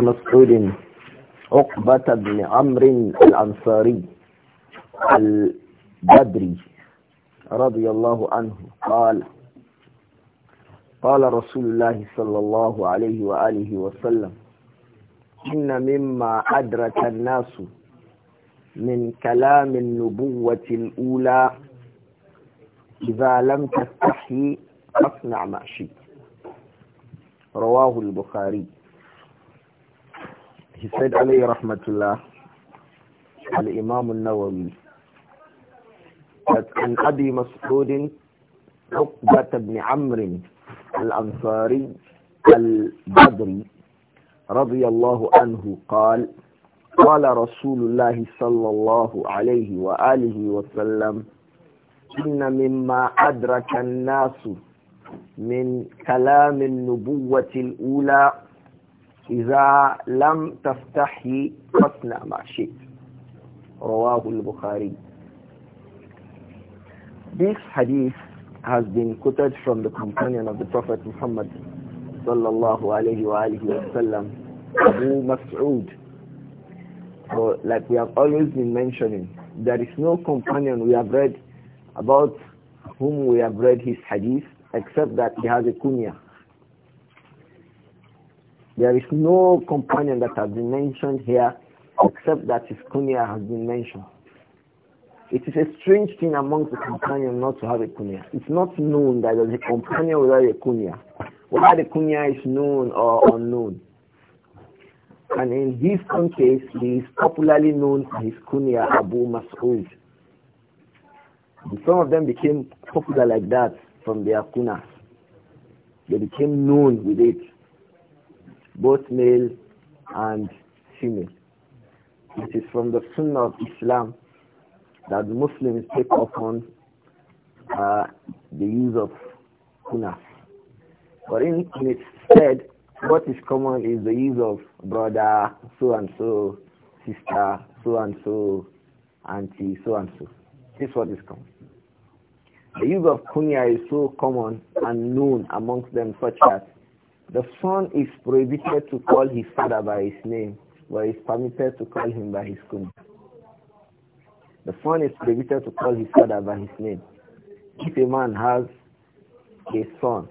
مسعود عقبة بن عمرو الأنصاري البدري رضي الله عنه قال قال رسول الله صلى الله عليه وآله وسلم إن مما أدرك الناس من كلام النبوة الأولى إذا لم تستحي فاصنع ما شئت رواه البخاري he said alayhi rahmatullah al-imam al-nawawi that an abi عقبة بن عمرو الأنصاري البدري رضي الله عنه قال قال رسول الله صلى الله عليه وآله وسلم إن مما أدرك الناس من كلام النبوة الأولى إذا لم تستحي فاصنع ما شئت رواه البخاري This hadith has been quoted from the companion of the Prophet Muhammad sallallahu alayhi wa alihi wa sallam Abu Mas'ud so, like we have always been mentioning there is no companion we have read about whom we have read his hadith except that he has a kunya there is no companion that has been mentioned here except that Iskunia has been mentioned. It is a strange thing amongst the companion not to have a kunia. It's not known that there's a companion without a kunia. Whether the kunia is known or unknown. And in his own case, he is popularly known for his kunya Abu Mas'ud. Some of them became popular like that from their kunas. They became known with it both male and female. It is from the Sunnah of Islam that Muslims take upon uh, the use of kunya. But in, in its stead, what is common is the use of brother, so and so, sister, so and so, auntie, so and so. This is what is common. The use of kunya is so common and known amongst them, such as the son is prohibited to call his father by his name, but is permitted to call him by his kunya. The son is prohibited to call his father by his name. If a man has a son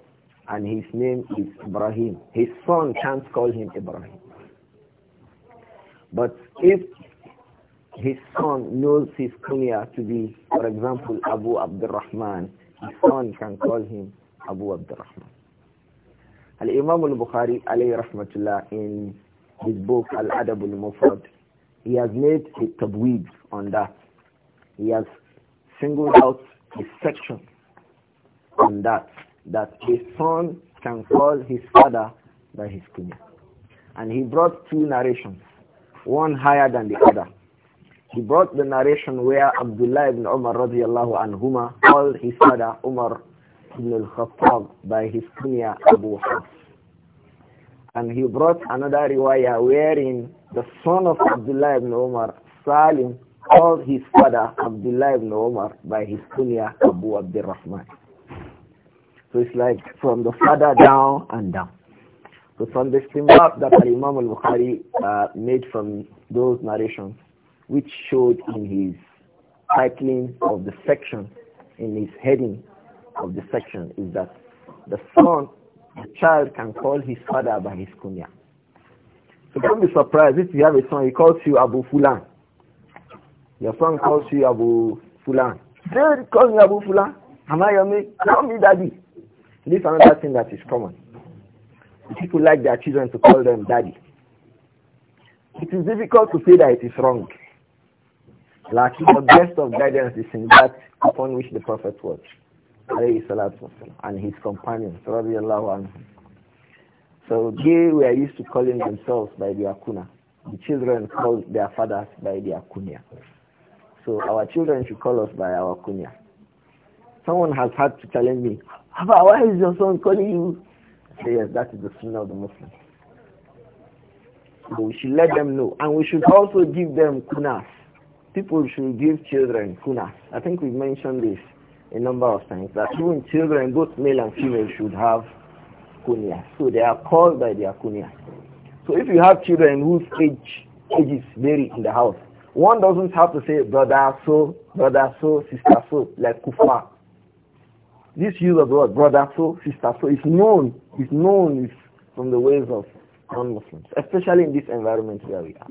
and his name is Ibrahim, his son can't call him Ibrahim. But if his son knows his kunya to be, for example, Abu Abdurrahman, his son can call him Abu Abdurrahman. Al-Imam al-Bukhari alayhi rahmatullah in his book Al-Adab al-Mufrad, he has made a tabweed on that. He has singled out a section on that, that a son can call his father by his kunya. And he brought two narrations, one higher than the other. He brought the narration where Abdullah ibn Umar radiallahu anhuma called his father Umar ibn al-Khattab by his kunya Abu Hafs. And he brought another riwayah wherein the son of Abdullah ibn Umar, Salim, called his father Abdullah ibn Umar by his kunya Abu Abdurrahman. So it's like from the father down and down. So from the stimulus that Imam al-Bukhari uh, made from those narrations, which showed in his titling of the section, in his heading of the section is that the son, the child can call his father by his kunya. So don't be surprised if you have a son, he calls you Abu Fulan. Your son calls you Abu Fulan. They call me Abu Fulan. Am I your me? Call me daddy. This is another thing that is common. People like their children to call them daddy. It is difficult to say that it is wrong. Like the best of guidance is in that upon which the Prophet was and his companions, radiallahu anhu. So they were used to calling themselves by their kuna. The children called their fathers by their kunya. So our children should call us by our kunya. Someone has had to challenge me, Abba, why is your son calling you? Say, yes, that is the sunnah of the Muslim. So we should let them know. And we should also give them kunas. People should give children kunas. I think we mentioned this a number of times that even children, both male and female, should have kunya. So they are called by their kunya. So if you have children whose age ages vary in the house, one doesn't have to say brother so, brother so, sister so, like kufa. This use of the word brother so, sister so is known, is known is from the ways of non-Muslims, especially in this environment where we are.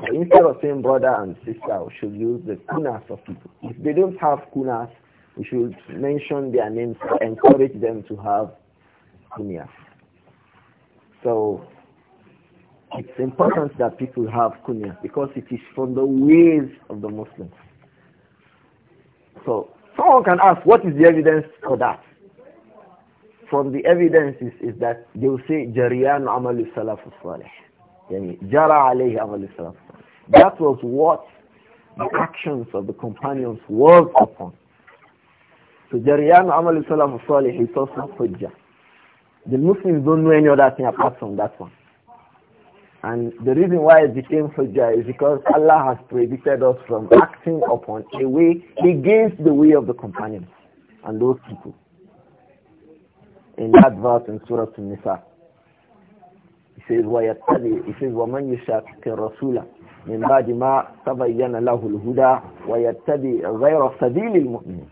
So instead of saying brother and sister, we should use the kunas of people. If they don't have kunas, we should mention their names, encourage them to have kunya. So it's important that people have kunya because it is from the ways of the Muslims. So someone can ask, what is the evidence for that? From the evidence is, is that they will say, Jariyan amal salaf salih. Jara alayhi amal salaf That was what the actions of the companions was upon. So Jariyan Amal Salaf Salih is also Hujjah. The Muslims don't know any other thing apart from that one. And the reason why it became Hujjah is because Allah has prohibited us from acting upon a way against the way of the companions and those people. In that verse in Surah An-Nisa, he says, وَيَتَّبِي He says, وَمَنْ يُشَاكِكَ الرَّسُولَ مِنْ بَعْدِ مَا تَبَيَّنَ لَهُ الْهُدَى وَيَتَّبِي غَيْرَ سَبِيلِ الْمُؤْمِنِينَ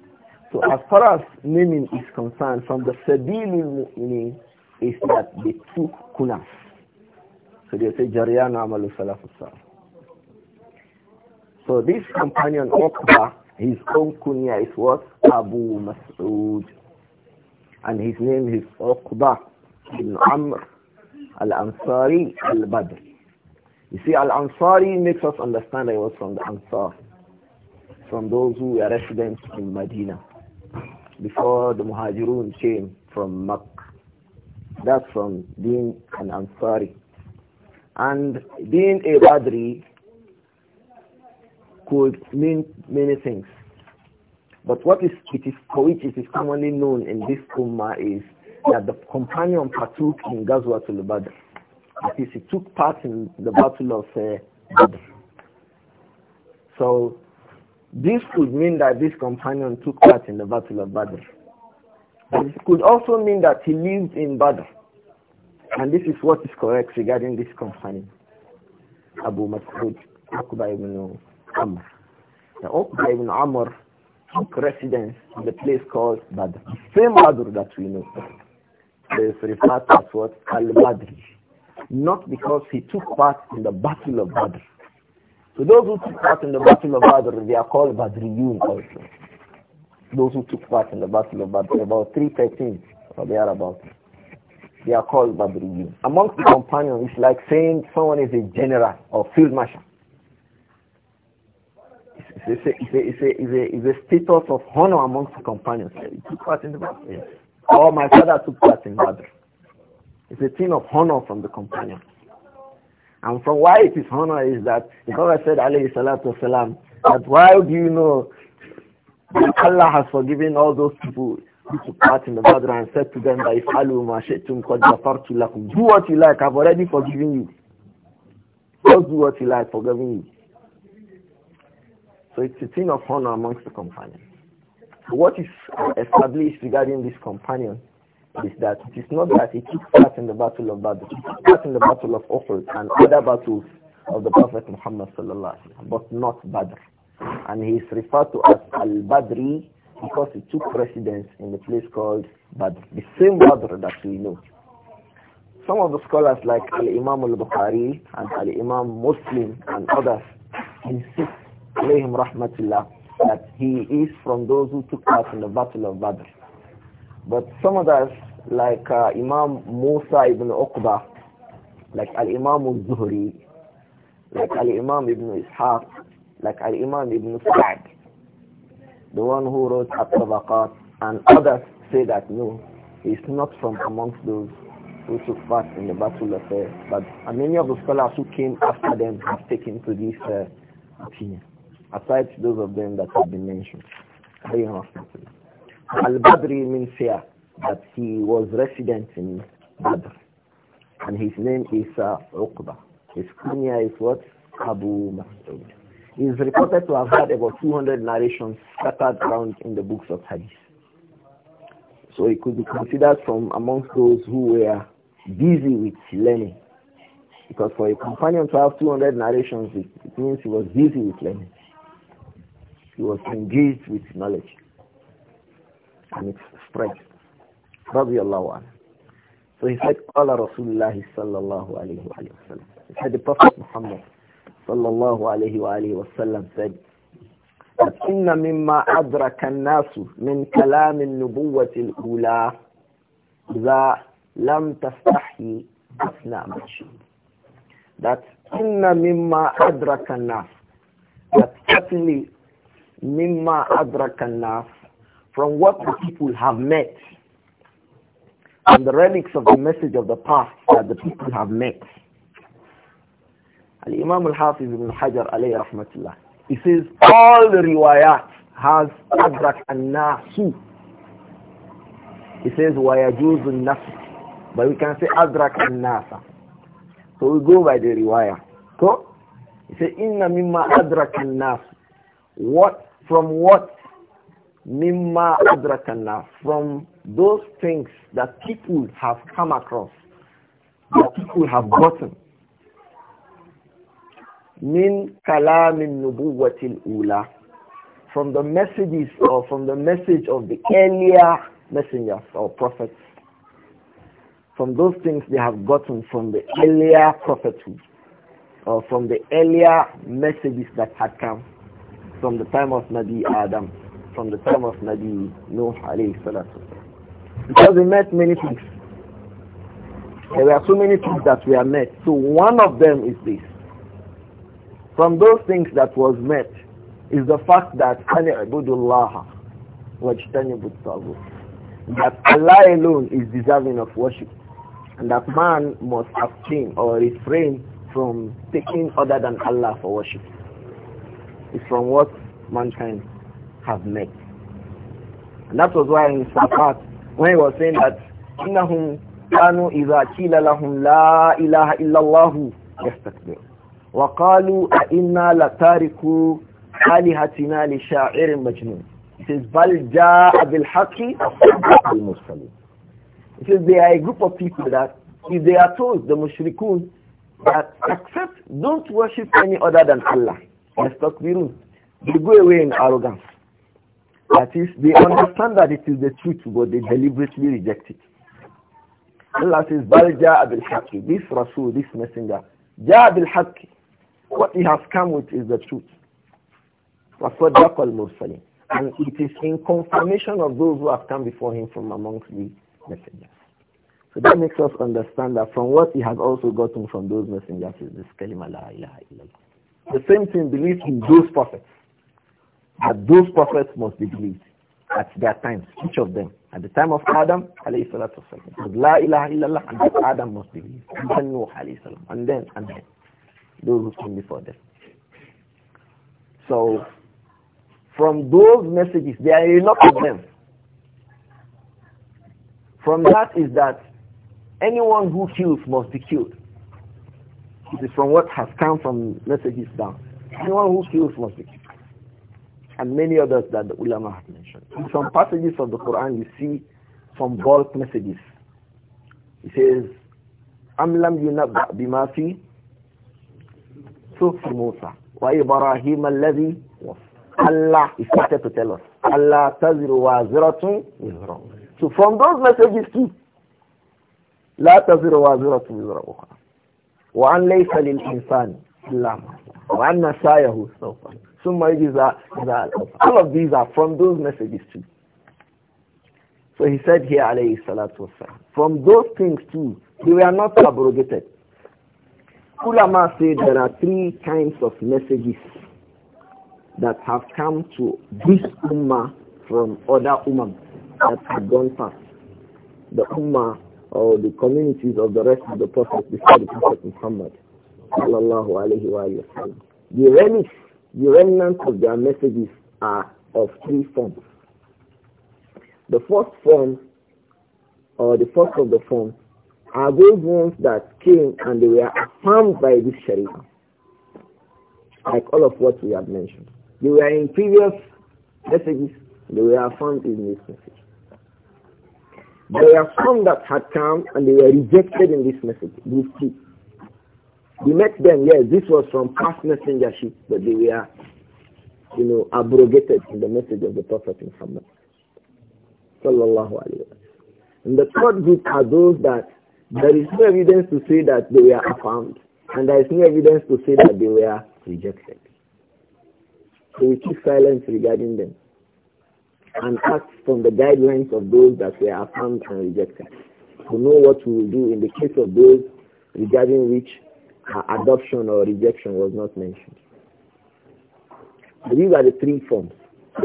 so as far as naming is concerned, from the Sabilul Mu'minin is that they took kunas. So they say, Jariyan Amalu Salafusar. So this companion, Abu, his own kunya is what? Abu Mas'ud. And his name is Uqba ibn Amr al-Ansari al-Badr. You see, al-Ansari makes us understand that he was from the Ansar, from those who were residents in Medina before the Muhajirun came from Makkah. That's from being an Ansari. And being a Badri could mean many things. But what is it is for which it is commonly known in this Ummah is that the companion partook in Ghazwatul Badr. That is, he took part in the battle of uh, Badr. So this could mean that this companion took part in the Battle of Badr. and it could also mean that he lived in Badr. And this is what is correct regarding this companion, Abu Mas'ud, Uqba ibn Amr. The Uqba ibn Amr took residence in the place called Badr, the same Badr that we know. This referred to as what? Al-Badr. Not because he took part in the Battle of Badr, so those who took part in the Battle of Badr, they are called Badriyun also. Those who took part in the Battle of Badr, about 313 or thereabouts, they are called Badriyun. Amongst the companions, it's like saying someone is a general or field marshal. It's a, it's a, it's a, it's a status of honor amongst the companions. He took part in the battle. Yes. Or my father took part in Badr. It's a thing of honor from the companions. And from why it is honor is that the Prophet said, alayhi salatu wasalam, that why do you know Allah has forgiven all those people who took part in the Badr and said to them, that if alu ma shaytum qad lakum. Do what you like, I've already forgiven you. Just do what you like, forgiving you. So it's a thing of honor amongst the companions. So what is established regarding this companion is that it is not that he took part in the battle of Badr, he took part in the battle of Uhud and other battles of the Prophet Muhammad sallallahu alaihi wasallam, but not Badr. And he is referred to as Al-Badri because he took residence in the place called Badr, the same Badr that we know. Some of the scholars like Al-Imam Al-Bukhari and Al-Imam Muslim and others insist, alayhim rahmatullah, that he is from those who took part in the battle of Badr. But some of us, like uh, Imam Musa ibn Uqba, like Al-Imam al-Zuhri, like Al-Imam ibn Ishaq, like Al-Imam ibn Sa'd, the one who wrote At-Tabaqat, and others say that no, he's not from amongst those who took part in the battle of uh, but uh, many of the scholars who came after them have taken to this uh, opinion, aside those of them that have been mentioned. Al-Badri means here that he was resident in Badr. And his name is uh, Uqba. His kunya is what? Abu Mas'ud. He is reported to have had about 200 narrations scattered around in the books of Hadith. So he could be considered from amongst those who were busy with learning. Because for a companion to have 200 narrations, it, it means he was busy with learning. He was engaged with knowledge. and يعني it spread. رضي الله عنه. So he said, قال رسول الله صلى الله عليه وآله وسلم. He said, the Prophet Muhammad صلى الله عليه وآله وسلم said, إن مما أدرك الناس من كلام النبوة الأولى إذا لم تستحي أثناء مشهد. That إن مما أدرك الناس. That certainly مما أدرك الناس. from what the people have met, and the relics of the message of the past that the people have met. Al-Imam al-Hafiz ibn Hajar alayhi rahmatullah, he says all the riwayat has adrak an-nasu. He says wa yajuzu an-nafs, but we can say adrak an-nasa. So we go by the riwayah. So he says inna mimma adrak an-nas. What from what mimma adrakana from those things that people have come across, that people have gotten. Min kalamin nubuwatil ula from the messages or from the message of the earlier messengers or prophets. From those things they have gotten from the earlier prophethood or from the earlier messages that had come from the time of Nabi Adam from the time of Nabi Nuh alayhi salatu. Because we met many things. There were so many things that were met. So one of them is this. From those things that was met is the fact that Allah that Allah alone is deserving of worship and that man must abstain or refrain from taking other than Allah for worship. It's from what mankind have met. And that was why in Safat, when he was saying that, إِنَّهُمْ كَانُوا إِذَا كِيلَ لَهُمْ لَا إِلَهَ إِلَّا اللَّهُ يَسْتَكْبِرُ وَقَالُوا أَإِنَّا لَتَارِكُوا آلِهَتِنَا لِشَاعِرٍ مَجْنُونٍ It says, بَلْ جَاءَ بِالْحَقِّ الْمُرْسَلِينَ It says, they are a group of people that, if they are told, the mushrikun, that accept, don't worship any other than Allah. Yastakbirun. They go away in arrogance. That is, they understand that it is the truth, but they deliberately reject it. Allah says, this Rasul, this messenger, Ja what he has come with is the truth. And it is in confirmation of those who have come before him from amongst the messengers. So that makes us understand that from what he has also gotten from those messengers is this kalima la ilaha illallah. The same thing believed in those prophets that those prophets must be believed at their times, each of them. At the time of Adam, alayhi salatu wasalam, La ilaha illallah, and Adam must believe. And then Nuh, alayhi salam, and then, and then, those who came before them. So, from those messages, there are a lot of them. From that is that anyone who kills must be killed. It is from what has come from messages down. Anyone who kills must be killed and many others that the ulama have mentioned. In some passages of the Quran, you see some bulk messages. He says, أَمْ لَمْ يُنَبَّأْ بِمَا فِي musa wa ibrahim الَّذِي Allah is started to tell us. Allah taziru wa ziratun So from those messages too, لا تزر وازرة وزر أخرى وأن ليس للإنسان lamb. who suffered. So Some messages are, are, all of these are from those messages too. So he said here, alayhi salatu wasalam, from those things too, they were not abrogated. Ulama said there are three kinds of messages that have come to this ummah from other ummah that have gone past. The ummah or the communities of the rest of the Prophet before the Prophet Muhammad sallallahu alayhi wa The relics, the remnants of their messages are of three forms. The first form, or the first of the form, are those ones that came and they were affirmed by this Sharia, like all of what we have mentioned. They were in previous messages, they were affirmed in this message. There are some that had come and they were rejected in this message, these two. We met them, yes, this was from past messengership, but they were, you know, abrogated in the message of the Prophet Muhammad. Sallallahu alayhi wa And the third group are those that there is no evidence to say that they were affirmed, and there is no evidence to say that they were rejected. So we keep silence regarding them and act from the guidelines of those that were affirmed and rejected to know what we will do in the case of those regarding which adoption or rejection was not mentioned. these are the three forms.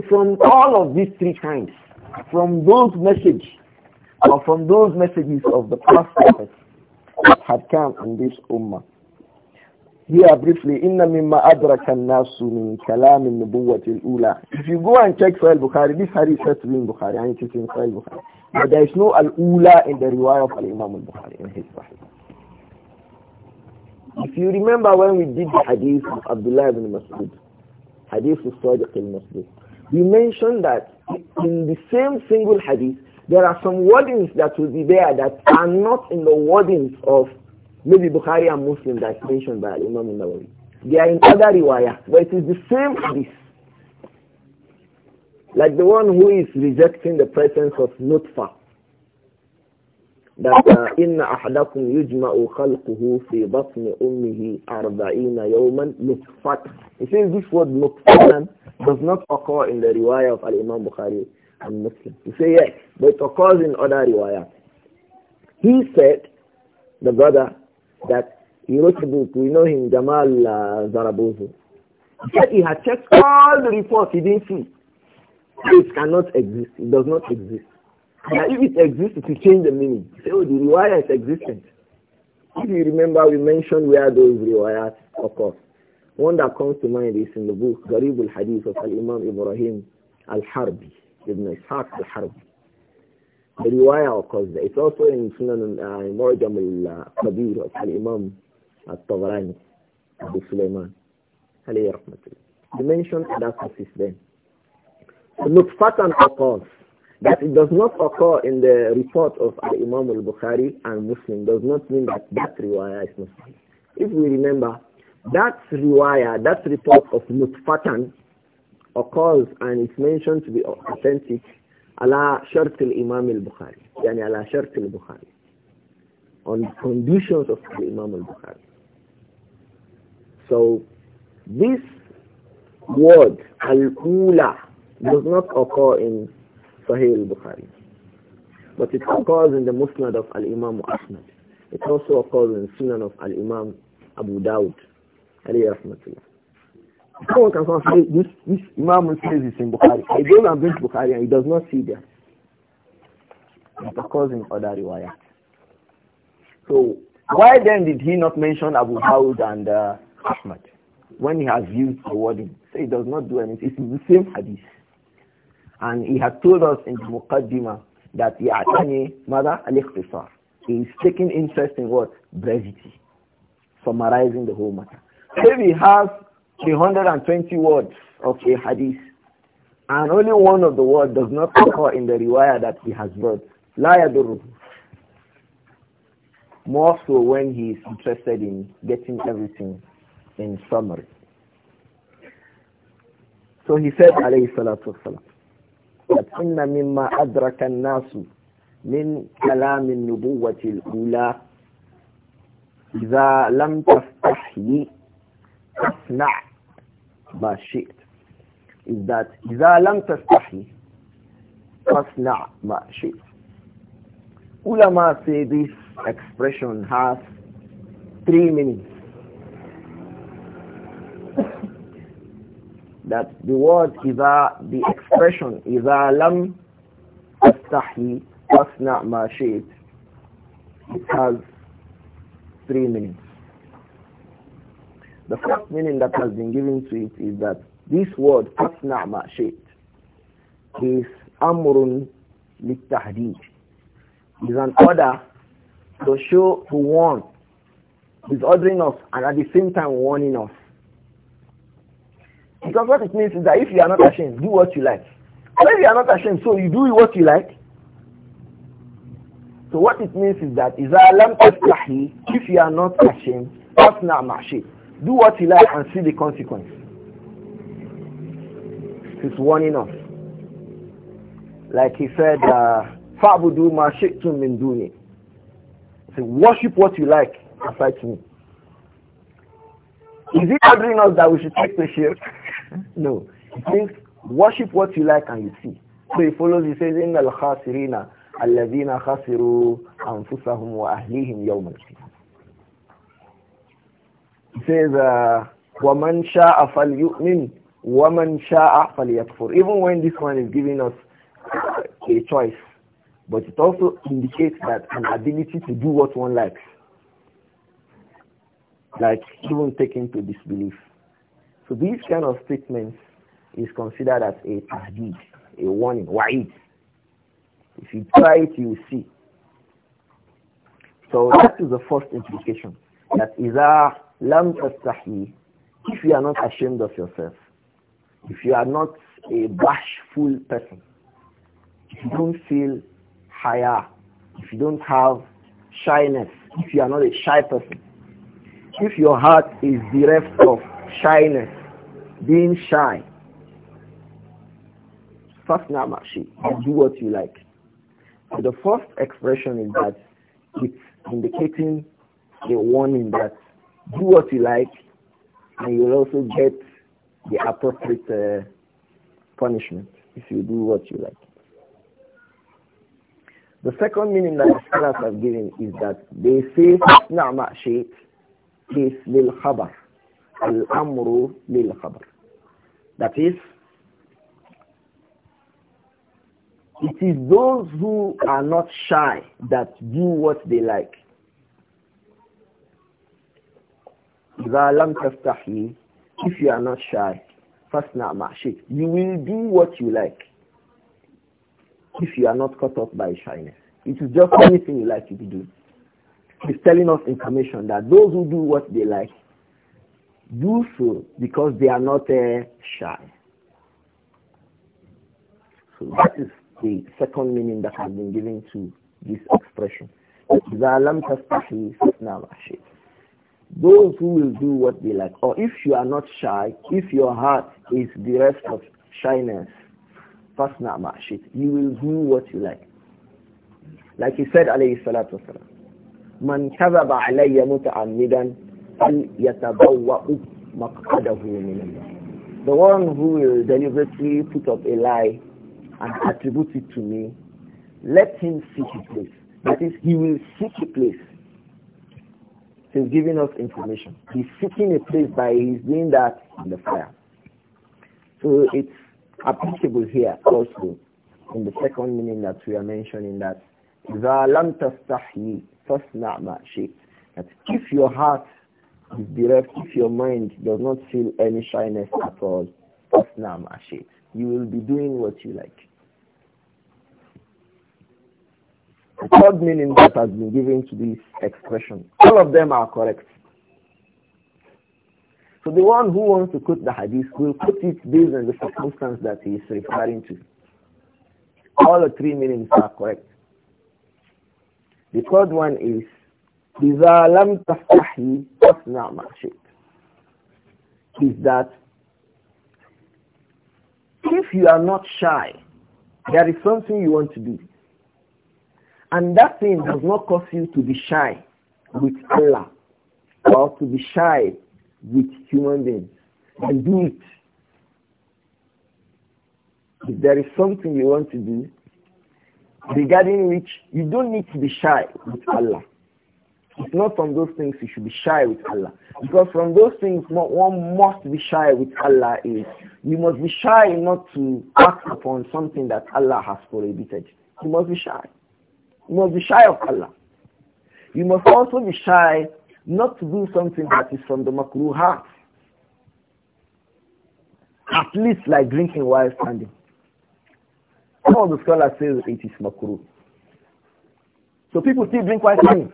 From all of these three kinds, from those messages, or from those messages of the past prophets that had come in this ummah. Here briefly, inna mimma adraka an-nasu min kalam an ula If you go and check Sahih Bukhari, this hadith has to be in Bukhari, and it is in Sahih Bukhari. But there is no al-ula in the riwayah of al-Imam al-Bukhari in his Sahih. If you remember when we did the hadith of Abdullah ibn Masud, hadith of Sadiq al-Masud, we mentioned that in the same single hadith, there are some wordings that will be there that are not in the wordings of maybe Bukhari and Muslim that's mentioned by Imam Nawawi. They are in other riwayah, but it is the same hadith. Like the one who is rejecting the presence of nutfa that uh, inna ahadakum yujma'u khalquhu fi batni ummihi arba'ina yawman nutfat. He says this word nutfatan does not occur in the riwayah of Al-Imam Bukhari and Muslim. He says yes, but it occurs in other riwayah. He said, the brother, that he wrote a book, we know him, Jamal uh, Zarabozo. He said he had checked all the reports, he didn't see. It cannot exist, it does not exist. Now, if it exists, it will change the meaning. Say, oh, the riwayah is existent. If you remember, we mentioned where those rewires occur. One that comes to mind is in the book Garib al-Hadith of Al-Imam Ibrahim al-Harbi, Ibn Ishaq al-Harbi. The riwayah occurs there. It's also in Sunan uh, Mu'jam al-Kabir of Al-Imam al-Tabarani, Abu Sulaiman, alayhi rahmatullah. He mentioned that of his then. The Nutfatan occurs. That it does not occur in the report of al Imam al-Bukhari and Muslim does not mean that that riwayah is not valid. If we remember, that riwayah, that report of Mutfatan occurs and it's mentioned to be authentic ala shart al-Imam al-Bukhari, yani ala shart al-Bukhari, on the conditions of Imam al-Bukhari. So this word, al-ula, does not occur in Sahih al-Bukhari. But it occurs in the Musnad of Al-Imam Ahmad. It also occurs in Sunan of Al-Imam Abu Dawud. Alayhi Someone can come say, this, this Imam says it's in Bukhari. I don't have been Bukhari and he does not see there. It occurs in other riwayat. So why then did he not mention Abu Dawud and uh, Ahmad when he has used the wording? So he does not do anything. It's the same hadith. And he had told us in the Muqaddimah that Ya'tani Mada al-Iqtisar. He is taking interest in what? Brevity. Summarizing the whole matter. If he has 320 words of a hadith, and only one of the words does not occur in the riwayah that he has brought, La yadurru. More so when he is interested in getting everything in summary. So he said, alayhi salatu salam." لكن مما أدرك الناس من كلام النبوة الأولى إذا لم تستحي تصنع ما شئت إذا لم تستحي تصنع ما شئت علماء سيدي expression has three meanings that the word is the expression إذا astahi asna أصنع it has three meanings. The first meaning that has been given to it is that this word asna ما is amrul للتحديد is an order to show to warn. is ordering us and at the same time warning us. Because what it means is that if you are not ashamed, do what you like. And if you are not ashamed, so you do what you like. So what it means is that إِذَا لَمْ If you are not ashamed, Do what you like and see the consequence. He's warning us. Like he said, فَعْبُدُوا مَا شِئْتُم مِّن Say, worship what you like aside me. Is it telling us that we should take the shirk? No. he thinks worship what you like and you see. So he follows, he says, إِنَّ الْخَاسِرِينَ الَّذِينَ خَسِرُوا أَنفُسَهُمْ وَأَهْلِيهِمْ يَوْمَ الْقِيَامَةِ He says, uh, وَمَنْ شَاءَ فَلْيُؤْمِنْ وَمَنْ شَاءَ فَلْيَكْفُرْ Even when this one is giving us uh, a choice, but it also indicates that an ability to do what one likes, like even taking to disbelief. So these kind of statements is considered as a tahdid, a warning, it? If you try it, you will see. So that is the first implication. that is إذا لم If you are not ashamed of yourself, if you are not a bashful person, if you don't feel higher, if you don't have shyness, if you are not a shy person, if your heart is bereft of shyness, being shy. First namashi, do what you like. So the first expression is that it's indicating a warning that do what you like and you'll also get the appropriate uh, punishment if you do what you like. The second meaning that the scholars have given is that they say Na'ma sheet is lil khabar Al-amru lil khabar. That is, it is those who are not shy that do what they like. If you are not shy, fasna ma'ashik. You will do what you like. If you are not caught up by shyness. It is just anything you like you to do. He's telling us information that those who do what they like, do so because they are not uh, shy. So that is the second meaning that has been given to this expression. Those who will do what they like, or if you are not shy, if your heart is bereft of shyness, you will do what you like. Like he said, alayhi salatu wasalam, man kazaba alayya muta'ammidan the one who will deliberately put up a lie and attribute it to me, let him seek a place. That is, he will seek a place. He's giving us information. He's seeking a place by his doing that in the fire. So it's applicable here also in the second meaning that we are mentioning that إِذَا لَمْ تَسْتَحْيِ فَاسْنَعْ مَا شِئْتَ That if your heart is bereft if your mind does not feel any shyness at all. Asnam Ashit. You will be doing what you like. The third meaning that has been given to this expression. All of them are correct. So the one who wants to quote the hadith will quote it based on the circumstance that he is referring to. All the three meanings are correct. The third one is إذا لم تستحي فاصنع ما شئت is that if you are not shy, there is something you want to do. And that thing does not cause you to be shy with Allah or to be shy with human beings. And do it. If there is something you want to do regarding which you don't need to be shy with Allah it's not from those things you should be shy with Allah. Because from those things one must be shy with Allah is you must be shy not to act upon something that Allah has prohibited. You must be shy. You must be shy of Allah. You must also be shy not to do something that is from the makruhat. At least like drinking while standing. Some of the scholars say it is makruh. So people still drink while standing.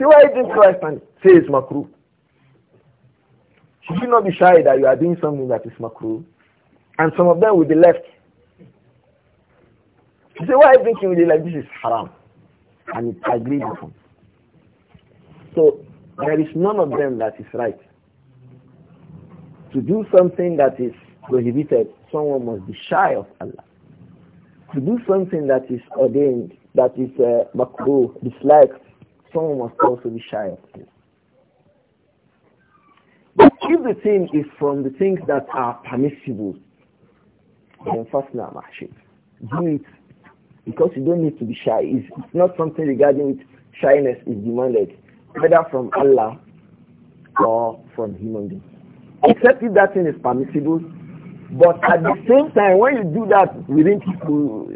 See why you didn't Christ and say it's makruh. Should you not be shy that you are doing something that is makruh? And some of them will be left. You say, why are you drinking with like this is haram? And it with upon. So there is none of them that is right. To do something that is prohibited, someone must be shy of Allah. To do something that is ordained, that is uh, makruh, disliked, someone must also be shy of this. But if the thing is from the things that are permissible, then fast now, Mahshid. Do it because you don't need to be shy. It's, it's not something regarding which shyness is demanded, whether from Allah or from human beings. Except if that thing is permissible, but at the same time, when you do that within people,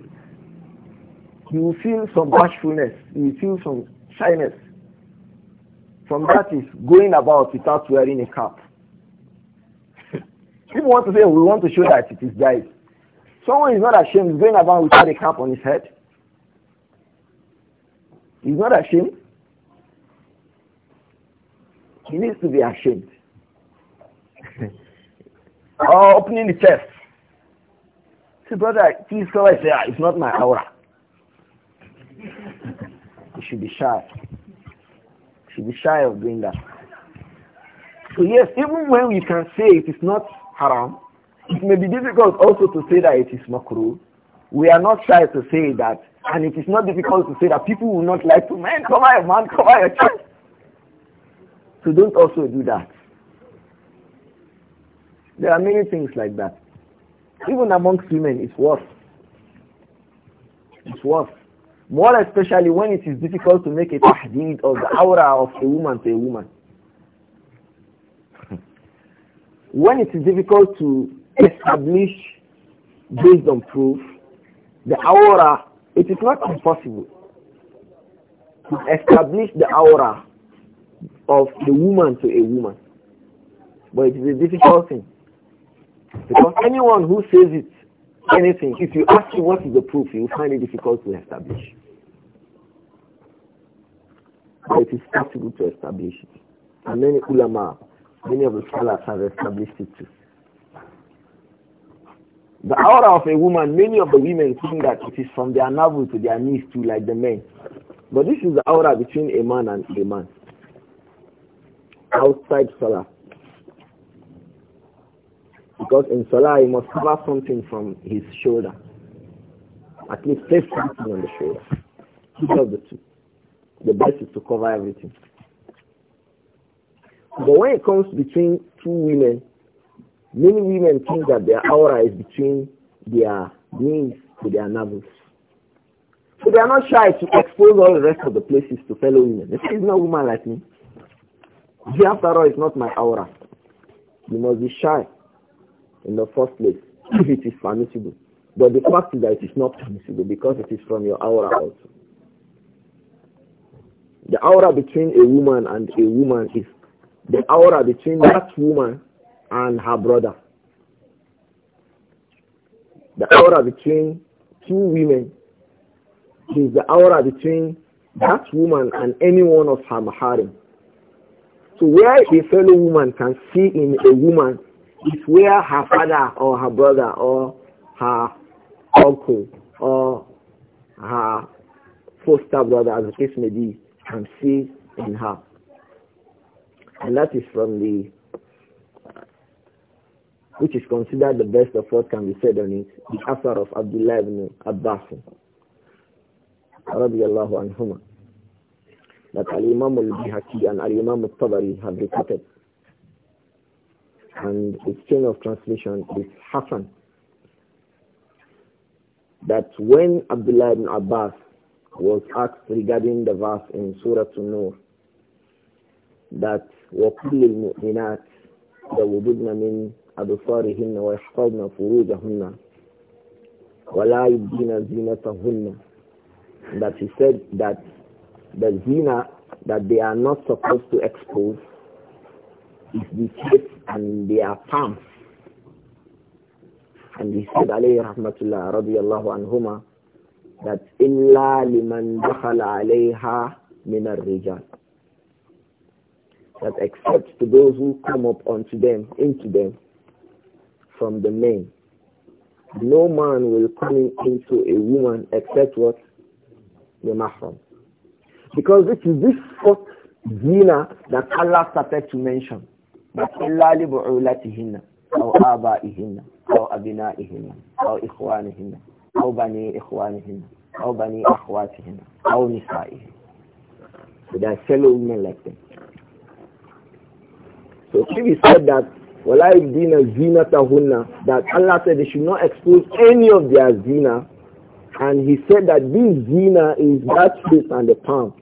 you will feel some bashfulness, you will feel some Shyness. From that is going about without wearing a cap. People want to say, we want to show that it is guys. Someone is not ashamed, he's going about without a cap on his head. He's not ashamed. He needs to be ashamed. or opening the chest. See, brother, please cover. and say, ah, it's not my aura should be shy. Should be shy of doing that. So yes, even when we can say it is not haram, it may be difficult also to say that it is makruh. We are not shy to say that, and it is not difficult to say that people will not like to man Come on, man cover your child. So don't also do that. There are many things like that. Even amongst women, it's worse. It's worse. More especially when it is difficult to make a tahdeed of the aura of a woman to a woman. when it is difficult to establish based on proof the aura, it is not impossible to establish the aura of a woman to a woman. But it is a difficult thing. Because anyone who says it anything. If you ask him what is the proof, you find it difficult to establish. But it is possible to establish it. And many ulama, many of the scholars have established it too. The aura of a woman, many of the women think that it is from their navel to their knees too, like the men. But this is the aura between a man and a man. Outside salah. Because in Salah, he must cover something from his shoulder. At least place something on the shoulder. Each of the two. The best is to cover everything. But when it comes between two women, many women think that their aura is between their knees to their navels. So they are not shy to expose all the rest of the places to fellow women. This is not a woman like me. She, after all, it's not my aura. You must be shy in the first place, if it is permissible. But the fact is that it is not permissible because it is from your aura also. The aura between a woman and a woman is the aura between that woman and her brother. The aura between two women is the aura between that woman and any one of her maharim. So where a fellow woman can see in a woman is where her father or her brother or her uncle or her foster brother, as the case may be, can see in her. And that is from the, which is considered the best of what can be said on it, the author of Abdullah ibn Abbas, radiallahu anhuma, that Al-Imam al-Bihaki and Al-Imam al-Tabari have reported and the chain of translation is Hassan. That when Abdullah ibn Abbas was asked regarding the verse in Surah An-Nur that وَكُلِّ الْمُؤْمِنَاتِ يَوْضُبْنَ مِنْ أَبْصَارِهِنَّ وَيَحْفَظْنَ فُرُوجَهُنَّ وَلَا يُبْدِينَ زِينَتَهُنَّ That he said that the zina that they are not supposed to expose is the face and their palms. And he said, alayhi rahmatullah radiyallahu anhuma, that إِلَّا liman دَخَلَ alayha min الرِّجَالِ That except to those who come up unto them, into them, from the men. No man will come into a woman except what? The mahram. Because it is this fourth zina that Allah started to mention. But إِلَّا لِبُعُولَتِهِنَّ أو آبائهن أو أبنائهن أو إخوانهن أو بني إخوانهن أو بني أخواتهن أو نسائهن So there are fellow women like them. So Kibi said that وَلَا يُبْدِينَ زِينَتَهُنَّ that Allah said they should not expose any of their zina and he said that this zina is that face and the palm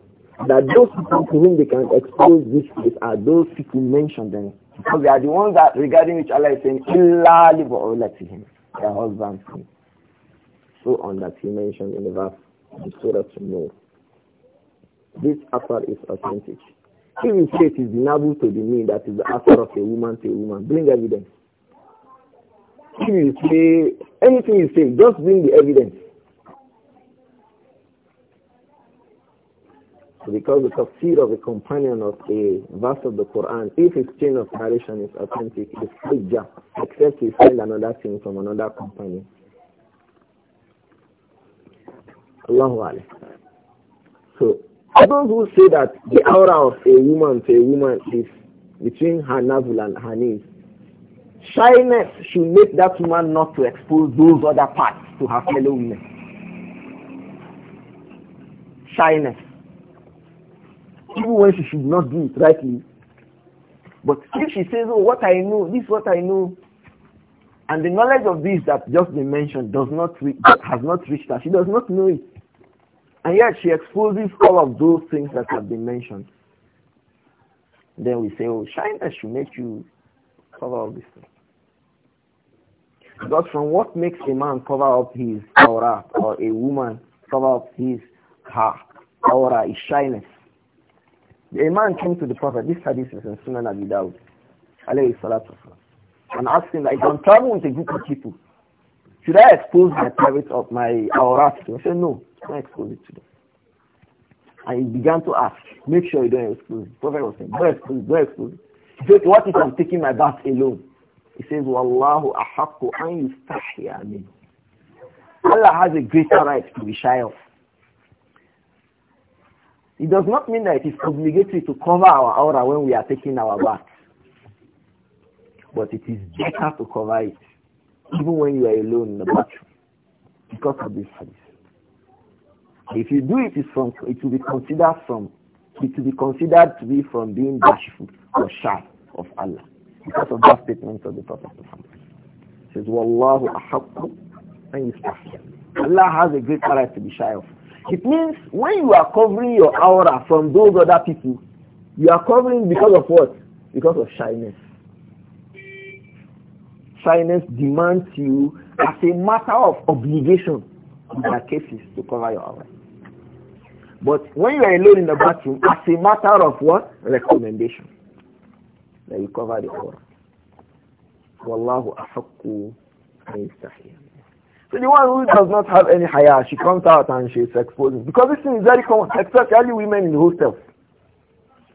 that those people to whom they can expose this face are those people mentioned them. Because they are the ones that regarding which Allah is saying, Illa him, their husbands. So on that he mentioned in the verse, the Surah to know. This affair is authentic. If you say it is deniable to the mean that is the affair of a woman to a woman, bring evidence. If you say anything you say, just bring the evidence. Because the tafsir of a companion of a verse of the Quran, if his chain of narration is authentic, is hujjah, except he find another thing from another companion. Allahu So, those who say that the aura of a woman to a woman is between her navel and her knees, shyness should make that woman not to expose those other parts to her fellow women. Shyness even when she should not do it rightly. But if she says, oh, what I know, this what I know, and the knowledge of this that just been mentioned does not has not reached her, she does not know it. And yet she exposes all of those things that have been mentioned. Then we say, oh, shyness should make you cover all these things. But from what makes a man cover up his aura or a woman cover up his her aura is shyness. A man came to the Prophet, this hadith is in Sunan Abi Dawud, alayhi salatu and asked him, like, I'm traveling with a group of people. Should I expose my private of uh, my aurat to them? He said, no, don't expose it to them. And he began to ask, make sure you don't expose it. The Prophet was saying, don't expose it, don't expose it. He said, what if I'm taking my bath alone? He says, Wallahu ahaqqu an yustahya min. Allah has a greater right to be shy of. It does not mean that it is obligatory to cover our aura when we are taking our bath. But it is better to cover it, even when you are alone in the bathroom, because of this hadith. If you do it, from, it will be considered from it will be considered to be from being bashful or shy of Allah because of that statement of the Prophet Muhammad. He says, Wallahu ahaqqu and Allah has a great right to be shy of. It means when you are covering your aura from those other people, you are covering because of what? Because of shyness. Shyness demands you as a matter of obligation in their cases to cover your aura. But when you are alone in the bathroom, as a matter of what? Recommendation. That you cover the aura. Wallahu ahakku so the one who does not have any haya, she comes out and she's exposing. Because this thing is very common, especially women in the hostel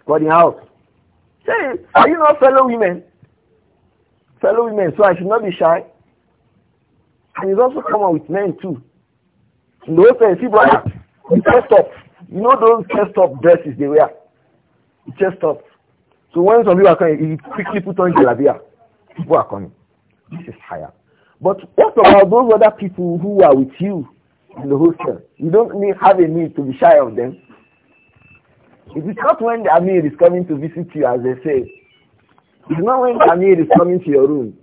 or the house. Say, are you not fellow women? Fellow women, so I should not be shy. And it's also common with men too. In the hostel, you see brothers, you chest up. You know those chest up dresses they wear? You chest up. So when some you are coming, you quickly put on labia. People are coming. This is higher. But what about those other people who are with you in the hostel? You don't need, have a need to be shy of them. It is not when the Amir is coming to visit you, as they say. It's not when the Amir is coming to your room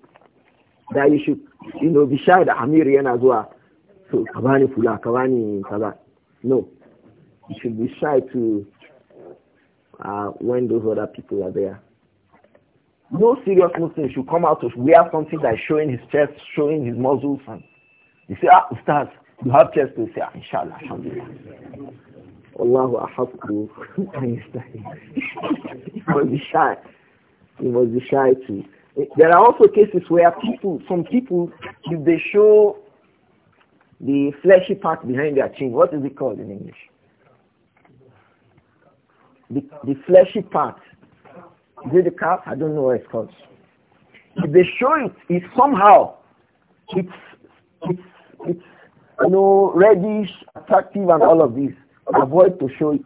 that you should, you know, be shy that Amir yana zuwa. So, kavani fula, kavani kaza. No. You should be shy to uh, when those other people are there. No serious Muslim should come out to wear something that's showing his chest, showing his muscles. And you say, ah, Ustaz, you have chest to say, ah, inshallah, alhamdulillah. Allahu ahabku an You must be shy. You must be shy too. There are also cases where people, some people, if they show the fleshy part behind their chin, what is it called in English? The, the fleshy part is it the calf? I don't know what it's called. If they show it, it's somehow, it's, it's, it's, you know, reddish, attractive and all of this. Avoid to show it.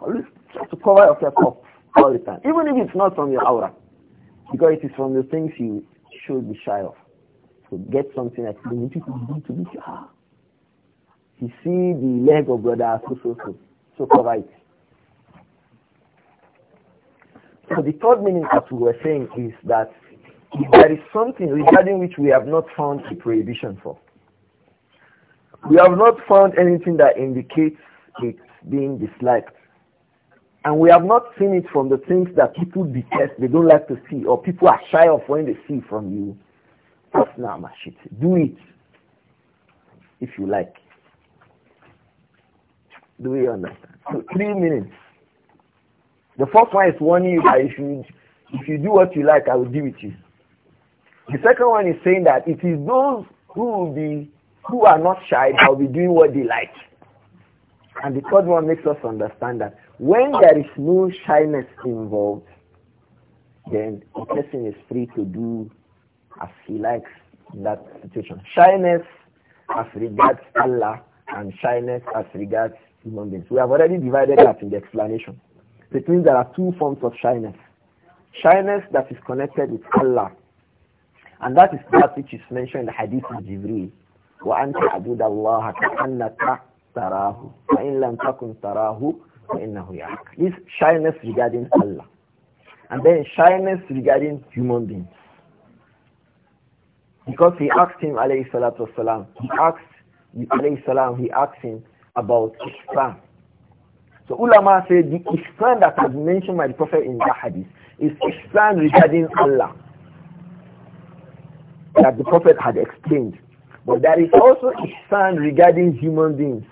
Always try to cover yourself up all the time. Even if it's not from your aura. Because it is from the things you should be shy of. So get something that you need people do to be shy. You see the leg of brother so so so. So cover it. So the third meaning that we were saying is that if there is something regarding which we have not found a prohibition for, we have not found anything that indicates it being disliked. And we have not seen it from the things that people detest, they don't like to see, or people are shy of when they see from you. That's not my shit. Do it if you like. Do you understand? So three minutes. The first one is warning you that if you, if you do what you like, I will deal with you. The second one is saying that it is those who will be who are not shy that will be doing what they like. And the third one makes us understand that when there is no shyness involved, then a person is free to do as he likes in that situation. Shyness as regards Allah and shyness as regards human beings. We have already divided that in the explanation. It means there are two forms of shyness. Shyness that is connected with Allah. And that is that which is mentioned in the hadith of Jibreel. وَأَنْتَ عَبُدَ اللَّهَ كَأَنَّكَ تَرَاهُ وَإِنْ لَمْ تَكُنْ تَرَاهُ فَإِنَّهُ يَعْكَ This shyness regarding Allah. And then shyness regarding human beings. Because he asked him, alayhi salatu wasalam, he asked, alayhi salam, he asked him about Islam. So ulama said the ihsan that was mentioned by the Prophet in that hadith is ihsan regarding Allah that the Prophet had explained. But there is also ihsan regarding human beings.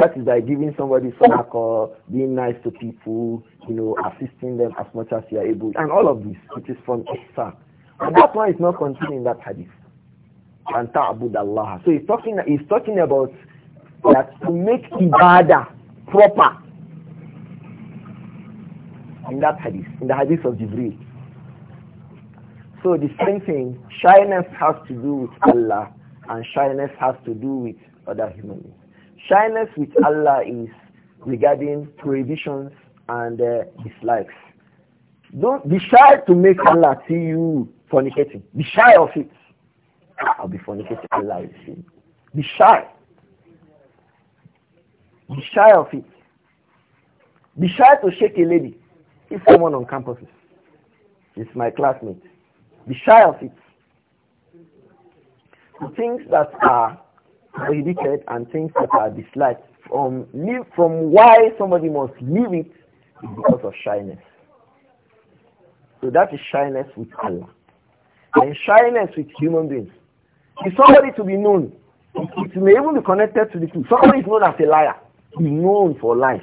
That is by giving somebody or being nice to people, you know, assisting them as much as you are able. And all of this, it is from ihsan. And that one is not contained in that hadith. And Allah. So he's talking, he's talking about that to make ibadah proper in that hadith, in the hadith of Jibreel. So the same thing, shyness has to do with Allah and shyness has to do with other human beings. Shyness with Allah is regarding prohibitions and uh, dislikes. Don't be shy to make Allah see you fornicating. Be shy of it. I'll be fornicating. Allah will see. Be shy. Be shy of it. Be shy to shake a lady. If someone on campuses is my classmate, be shy of it. The things that are prohibited and things that are disliked from live from why somebody must leave it is because of shyness. So that is shyness with Allah. And shyness with human beings. If somebody to be known, it may even be connected to the truth. Somebody is known as a liar. He's known for lies.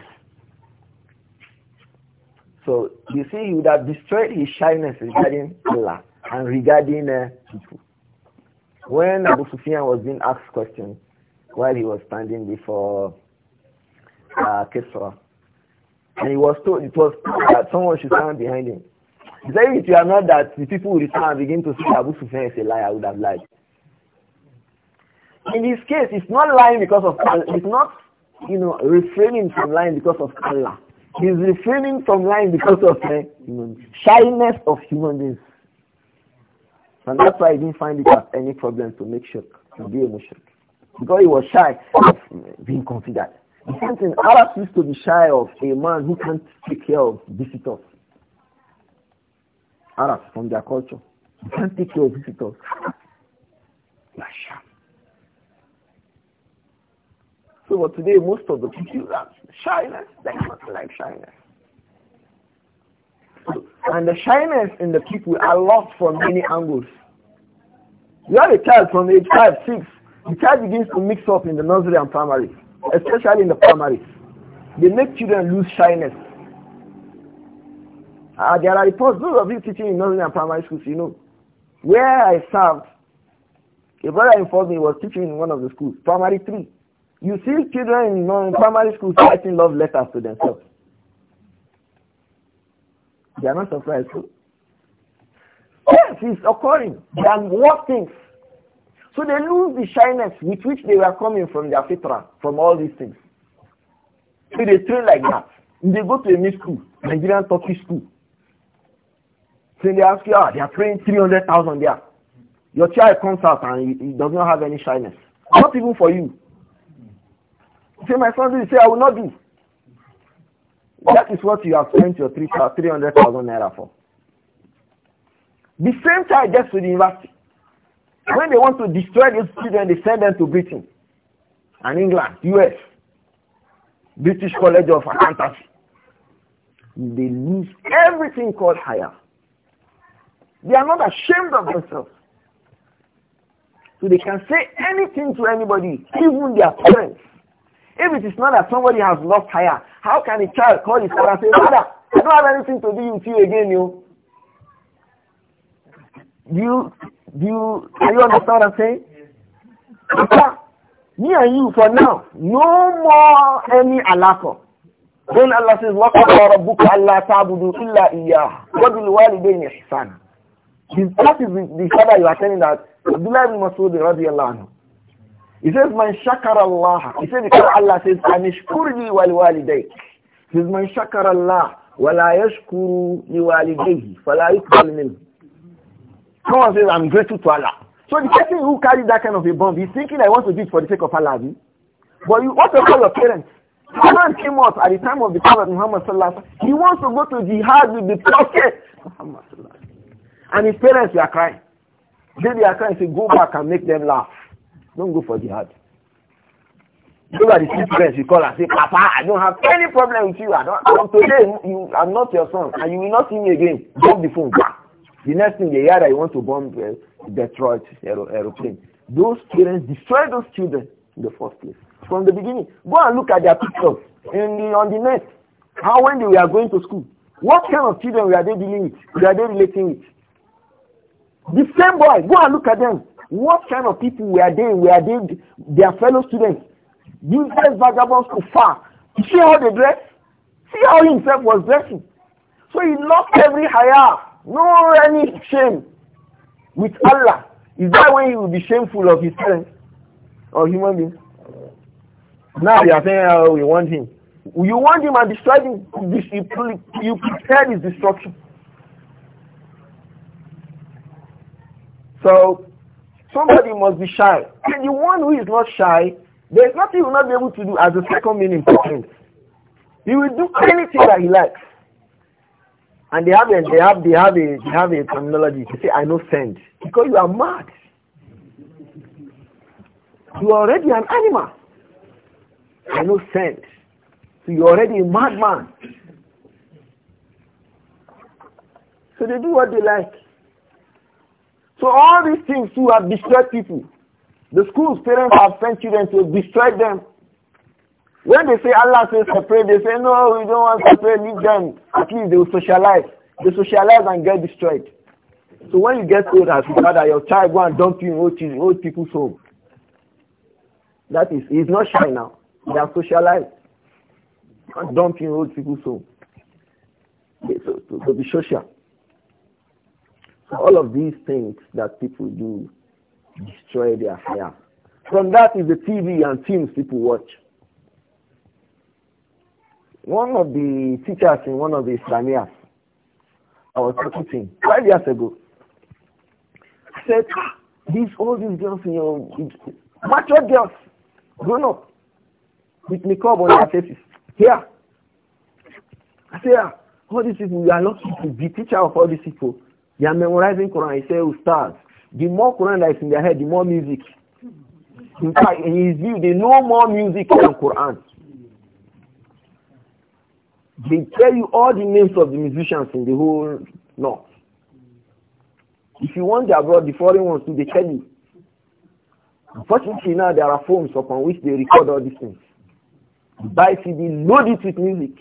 So you see, he would have destroyed his shyness regarding Allah and regarding uh, people. When Abu Sufyan was being asked questions while he was standing before uh, Kisra, and he was told it was that someone should stand behind him. He said, if you are not that, the people will return and begin to say Abu Sufyan is a liar, I would have lied. In this case, it's not lying because of Allah. It's not, you know, refraining from lying because of Allah. He's refraining from lying because of the eh, shyness of human beings. And that's why he didn't find it as any problem to make sure to be a mushrik. Because he was shy of eh, being considered. The same thing, Arabs used to be shy of a man who can't take care of visitors. Arabs from their culture. You can't take care of visitors. are shy. So but today most of the people are Shyness, there's nothing like shyness. And the shyness in the people are lost from many angles. You have a child from age 5, 6, the child begins to mix up in the nursery and primary, especially in the primary. They make children lose shyness. Uh, there are reports, those of you teaching in nursery and primary schools, you know, where I served, a brother informed me he was teaching in one of the schools, primary 3. You see children in primary school writing love letters to themselves. They are not surprised. Too. Yes, it's occurring. And more things? So they lose the shyness with which they were coming from their fitra, from all these things. So they train like that. They go to a mid school, Nigerian Turkish school. So they ask you, ah, they are praying 300,000 there. Your child comes out and he, he does not have any shyness. Not even for you. Say, my son, you say, I will not do. That is what you have spent your 300,000 naira for. The same child gets to the university. When they want to destroy these children, they send them to Britain and England, US, British College of Accountancy. They lose everything called higher. They are not ashamed of themselves. So they can say anything to anybody, even their parents. If it is not that somebody has lost higher, how can a child call his father and say, Father, I don't have anything to do with you again, you? Do you, do you, do you understand what I'm saying? Me and you, for now, no more any alako. Then Allah says, وَقَضَى رَبُّكَ أَلَّا تَعْبُدُوا إِلَّا إِيَّاهُ وَبِالْوَالِدَيْنِ إِحْسَانًا That is the father you are telling that Abdullah ibn Masud radiallahu anhu. He says, Man shakar Allah. He says, because Allah says, Anishkurni wal walidayk. He says, Man shakar Allah. Wala yashkuru li walidayhi. Fala yukbal minhu. Someone says, I'm grateful to Allah. So the person who carries that kind of a bomb, he's thinking, I want to do it for the sake of Allah. But you also call your parents. The man came out at the time of the Prophet Muhammad sallallahu alaihi He wants to go to jihad with the Prophet Muhammad sallallahu alaihi And his parents are crying. Then they are crying, say, go back and make them laugh. Don't go for jihad. Those are the two friends. you call and say, Papa, I don't have any problem with you. I don't, from today, you, are not your son, and you will not see me again. Drop the phone. The next thing, they hear that you want to bomb uh, Detroit aeroplane. Those parents destroy those children in the first place. From the beginning, go and look at their pictures in the, on the net. How when they were going to school. What kind of children were they dealing with? Were they relating with? The same boy, go and look at them. What kind of people were they? Were they their fellow students? These vagabonds to far. You see how they dress? See how himself was dressing. So he lost every haya. No any shame with Allah. Is that when he will be shameful of his parents or human beings? Now they are saying, oh, we want him. You want him and destroy him. You prepare his destruction. So somebody must be shy. And the one who is not shy, there is nothing he will not be able to do as a second meaning point. He will do anything that he likes. And they have a, they have they have a they have a terminology. They say I know scent," because you are mad. You are already an animal. I know scent, So you're already a madman. So they do what they like. So all these things too have destroyed people. The schools, parents have sent children to destroy them. When they say Allah says separate, they say, no, we don't want to separate, leave them. At least they will socialize. They socialize and get destroyed. So when you get old as your father, your child go and dump you in old, children, old people's home. That is, he's not shy now. They are socialized. can dump you in old people's home. So, to, be social all of these things that people do destroy their hair. From that is the TV and films people watch. One of the teachers in one of the Islamias, I was talking to him five years ago. I said, ah, these all these girls in your mature girls, grown up, with makeup on their faces. Here. I said, ah, all these people, we are lucky to be teacher of all these people. They are memorizing Quran. I say, Ustaz, the more Quran that is in their head, the more music. In fact, in his view, they know more music than Quran. They tell you all the names of the musicians in the whole north. If you want the abroad, the foreign ones too, they tell you. Unfortunately now there are phones upon which they record all these things. Buy CD, load it with music.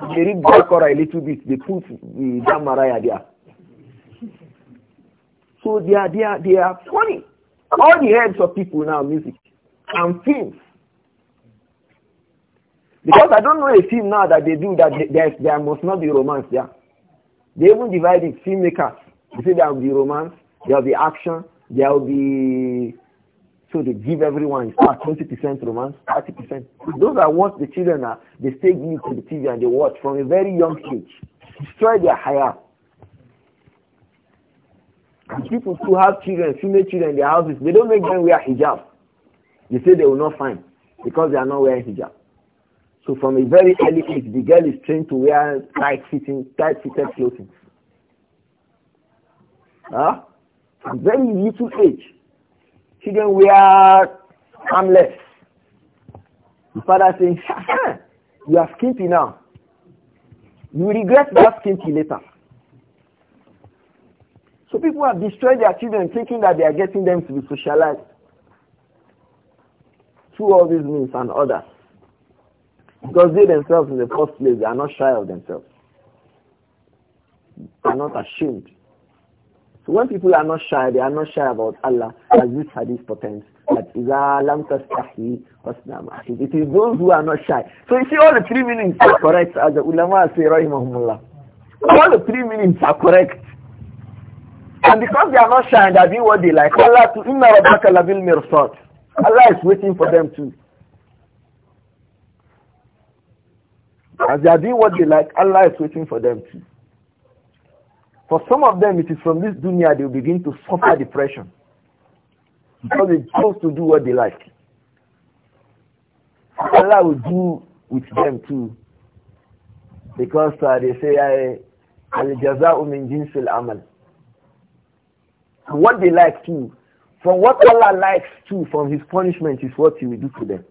They read Bakora a little bit, they put the Damaraya there. So they are, they are, they are funny. All the heads of people now music and films. Because I don't know a film now that they do that there, there must not be romance there. They even divide it filmmakers. You see there will be romance, there will be action, there will be so they give everyone 20% ah, romance, 30%. Those are what the children are. They stay glued to the TV and they watch from a very young age. Destroy their higher. And people who have children, female children in their houses, they don't make them wear hijab. They say they will not find because they are not wearing hijab. So from a very early age, the girl is trained to wear tight-fitting, tight-fitted clothing. Huh? From very little age, Children we are harmless. The father saying, you are skimpy now. You regret that skimpy later. So people have destroyed their children thinking that they are getting them to be socialized through all these means and others. Because they themselves in the first place, they are not shy of themselves. They are not ashamed so when people are not shy, they are not shy about Allah, as this hadith portends. That lam tastahi It is those who are not shy. So you see all the three meanings are correct as the ulama say, rahimahumullah. All the three meanings are correct. And because they are not shy and they are doing what they like, Allah to inna rabbaka labil mirsat. Allah is waiting for them too. As they are doing what they like, Allah is waiting for them too. For some of them, it is from this dunya they will begin to suffer depression because they chose to do what they like. Allah will do with them too because uh, they say, Al-jaza'u min jinsil amal. What they like too, from what Allah likes too, from his punishment is what he will do to them.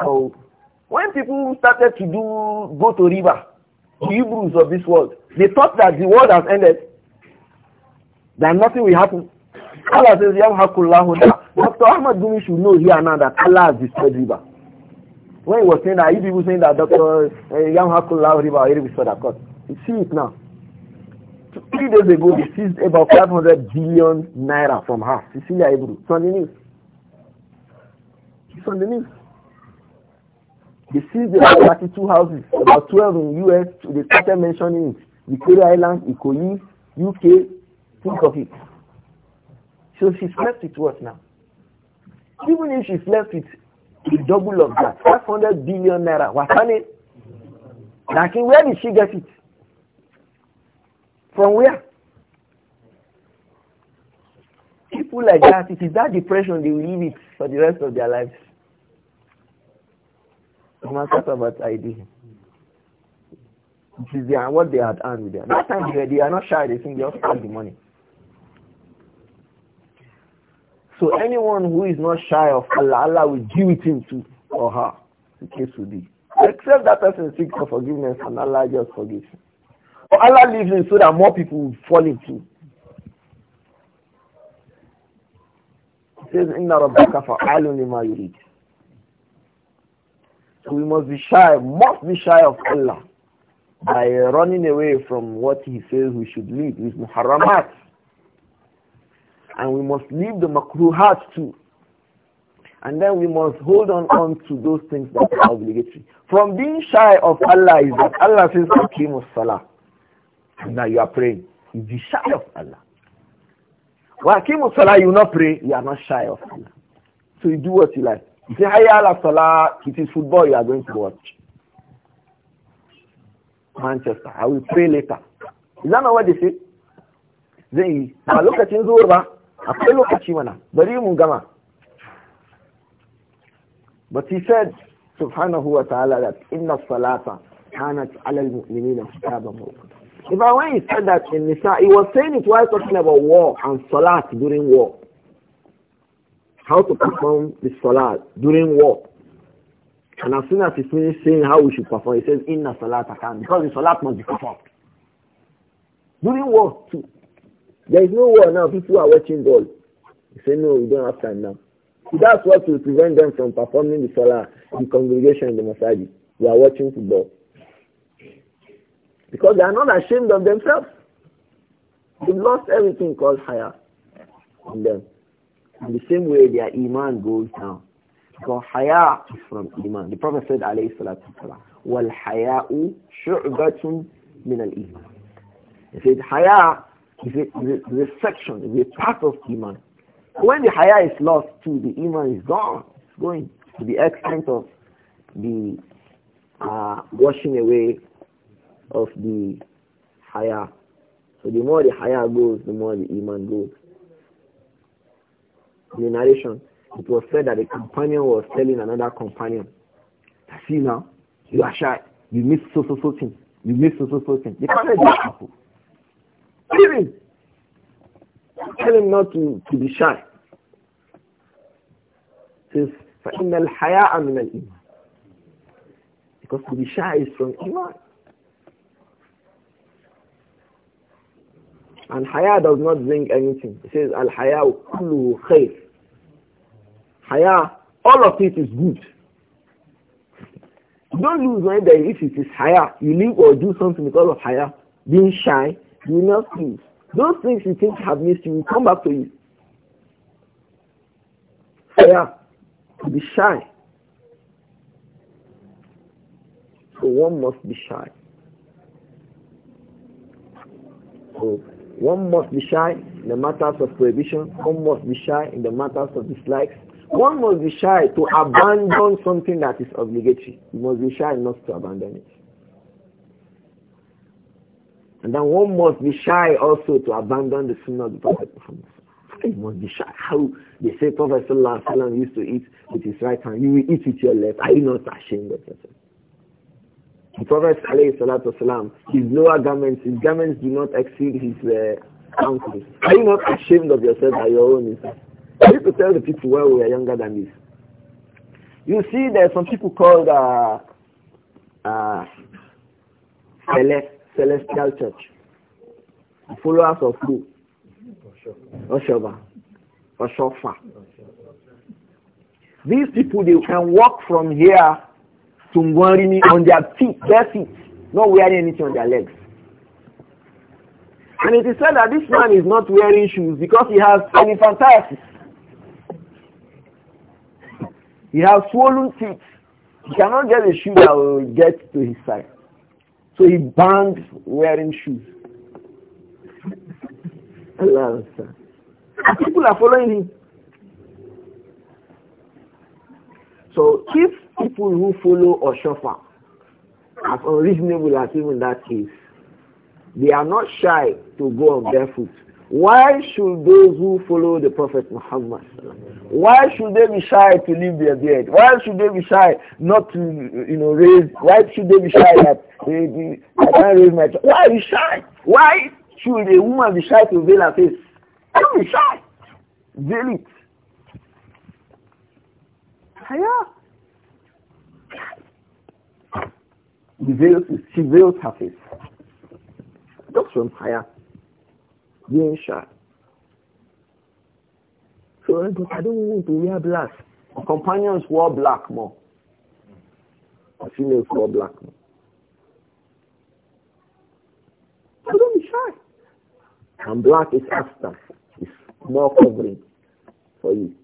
So, when people started to do, go to river, Oh. Hebrews of this world. They thought that the world has ended, that nothing will happen. Allah says, Yamhakullahu Dr. Ahmad Gumi should know here now that Allah has destroyed river. When he was saying that, he people saying that Dr. Eh, Yamhakullahu river already restored that court. You see it now. Three days ago, they seized about 500 billion naira from her. Cecilia Ebru. It's on the news. It's on the news. They see there are 32 houses, about 12 in US. They started mentioning it. Victoria Island, Ikoyi, UK. Think of it. So she's left with what now? Even if she's left with the double of that, 500 billion naira, what's her name? Like, where did she get it? From where? People like that, it is that depression they will live it for the rest of their lives. وما ID. أيديهم is their, what they had earned with them. That time they, they are not shy, they think they just take the money. So anyone who is not shy of Allah, Allah will give it him to or her. The case will be. Except that person seeks for forgiveness and Allah just forgives him. Allah leaves him so that more people will fall into. He says, إِنَّ رَبَّكَ فَعَالٌ لِمَا so we must be shy, must be shy of Allah by running away from what he says we should leave, his muharramat. And we must leave the makruhat too. And then we must hold on, on to those things that are obligatory. From being shy of Allah is that Allah says, Aqimus Salah. Now you are praying. You be shy of Allah. Wa Aqimus Salah, you not pray, you are not shy of Allah. So you do what you like. You say, Hayya ala Salah, it is football you are going to watch. Manchester, I will pray later. Is that not what they say? Zai yi, a lokacin zuwar ba, akwai lokaci mana, bari mu gama. But he said, subhanahu wa ta'ala, that inna salata kanat alal mu'minina kitaban If I when he said that in Nisa, he was saying it while talking about war and salat during war how to perform the salah during war. And as soon as he finished saying how we should perform, he says, Inna salat akan, because the salat must be performed. During war, too. There is no war now. People are watching ball. He said, no, we don't have time now. So That's what will prevent them from performing the salah in congregation in the masjid. They are watching football. Because they are not ashamed of themselves. They've lost everything called higher in them. In the same way, their iman goes down. Because haya is from iman. The Prophet said, alayhi salatu wasalam, wal haya'u shu'batun min al iman. He said, haya is a, is a, is a section, is a part of iman. When the haya is lost too, the iman is gone. It's going to the extent of the uh, washing away of the haya. So the more the haya goes, the more the iman goes in the narration, it was said that a companion was telling another companion, see now, you are shy, you miss so so so thing, you miss so so so thing. They can't let that happen. Tell him. Tell him not to, to be shy. Says, فَإِنَّ الْحَيَاءَ مِنَ الْإِيمَانِ Because to be shy is from Iman. And haya does not bring anything. It says, al-haya kulluhu khayf." haya, all of it is good. Don't lose mind that if it is haya. You leave or do something because of haya. Being shy, you will not lose. Those things you think have missed you will come back to you. Haya. To be shy. So one must be shy. So one must be shy in the matters of prohibition, one must be shy in the matters of dislikes, one must be shy to abandon something that is obligatory. You must be shy not to abandon it. And then one must be shy also to abandon the sunnah of the Prophet Muhammad. You must be shy. How they say Prophet Sallallahu Alaihi Wasallam used to eat with his right hand. You will eat with your left. Are you not ashamed of yourself? The Prophet Alayhi Salatu Wasallam, his lower garments, his garments do not exceed his uh, ankles. Are you not ashamed of yourself by your own inside? I used to tell the people when we were younger than this. You see, there are some people called uh, uh, Celest, Celestial Church, followers of who? Oshova. Oshofa. These people, they can walk from here to Ngwarini on their feet, bare feet, not wearing anything on their legs. And it is said that this man is not wearing shoes because he has elephantiasis. He has swollen feet. He cannot get a shoe that will get to his side. So he banned wearing shoes. Allah People are following him. So if people who follow or suffer, as unreasonable as even that is, they are not shy to go on barefoot why should those who follow the Prophet Muhammad, why should they be shy to leave their beard? Why should they be shy not to, you know, raise, why should they be shy that, uh, I can't raise my child? Why are you shy? Why should a woman be shy to veil her face? Don't be shy. Veil it. Haya. She veils, she veils her face. That's from Haya. being shy. So I don't want to wear black. My companions wore black more. My females wore black more. So don't be shy. And black is after. It's more covering for you.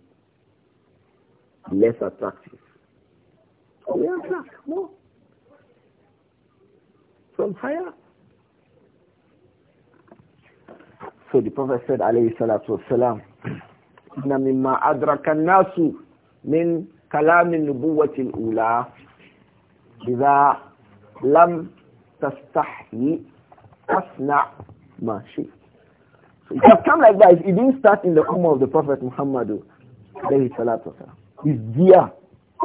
Less attractive. So wear black more. From higher So the Prophet said, alayhi salatu wasalam, إِنَّ مِمَّا أَدْرَكَ النَّاسُ min kalami النُّبُوَّةِ الْأُولَى إِذَا لَمْ تَسْتَحْيِ أَصْنَعْ مَا شِئْتَ so it has come like that. It didn't start in the ummah of the Prophet Muhammad. is there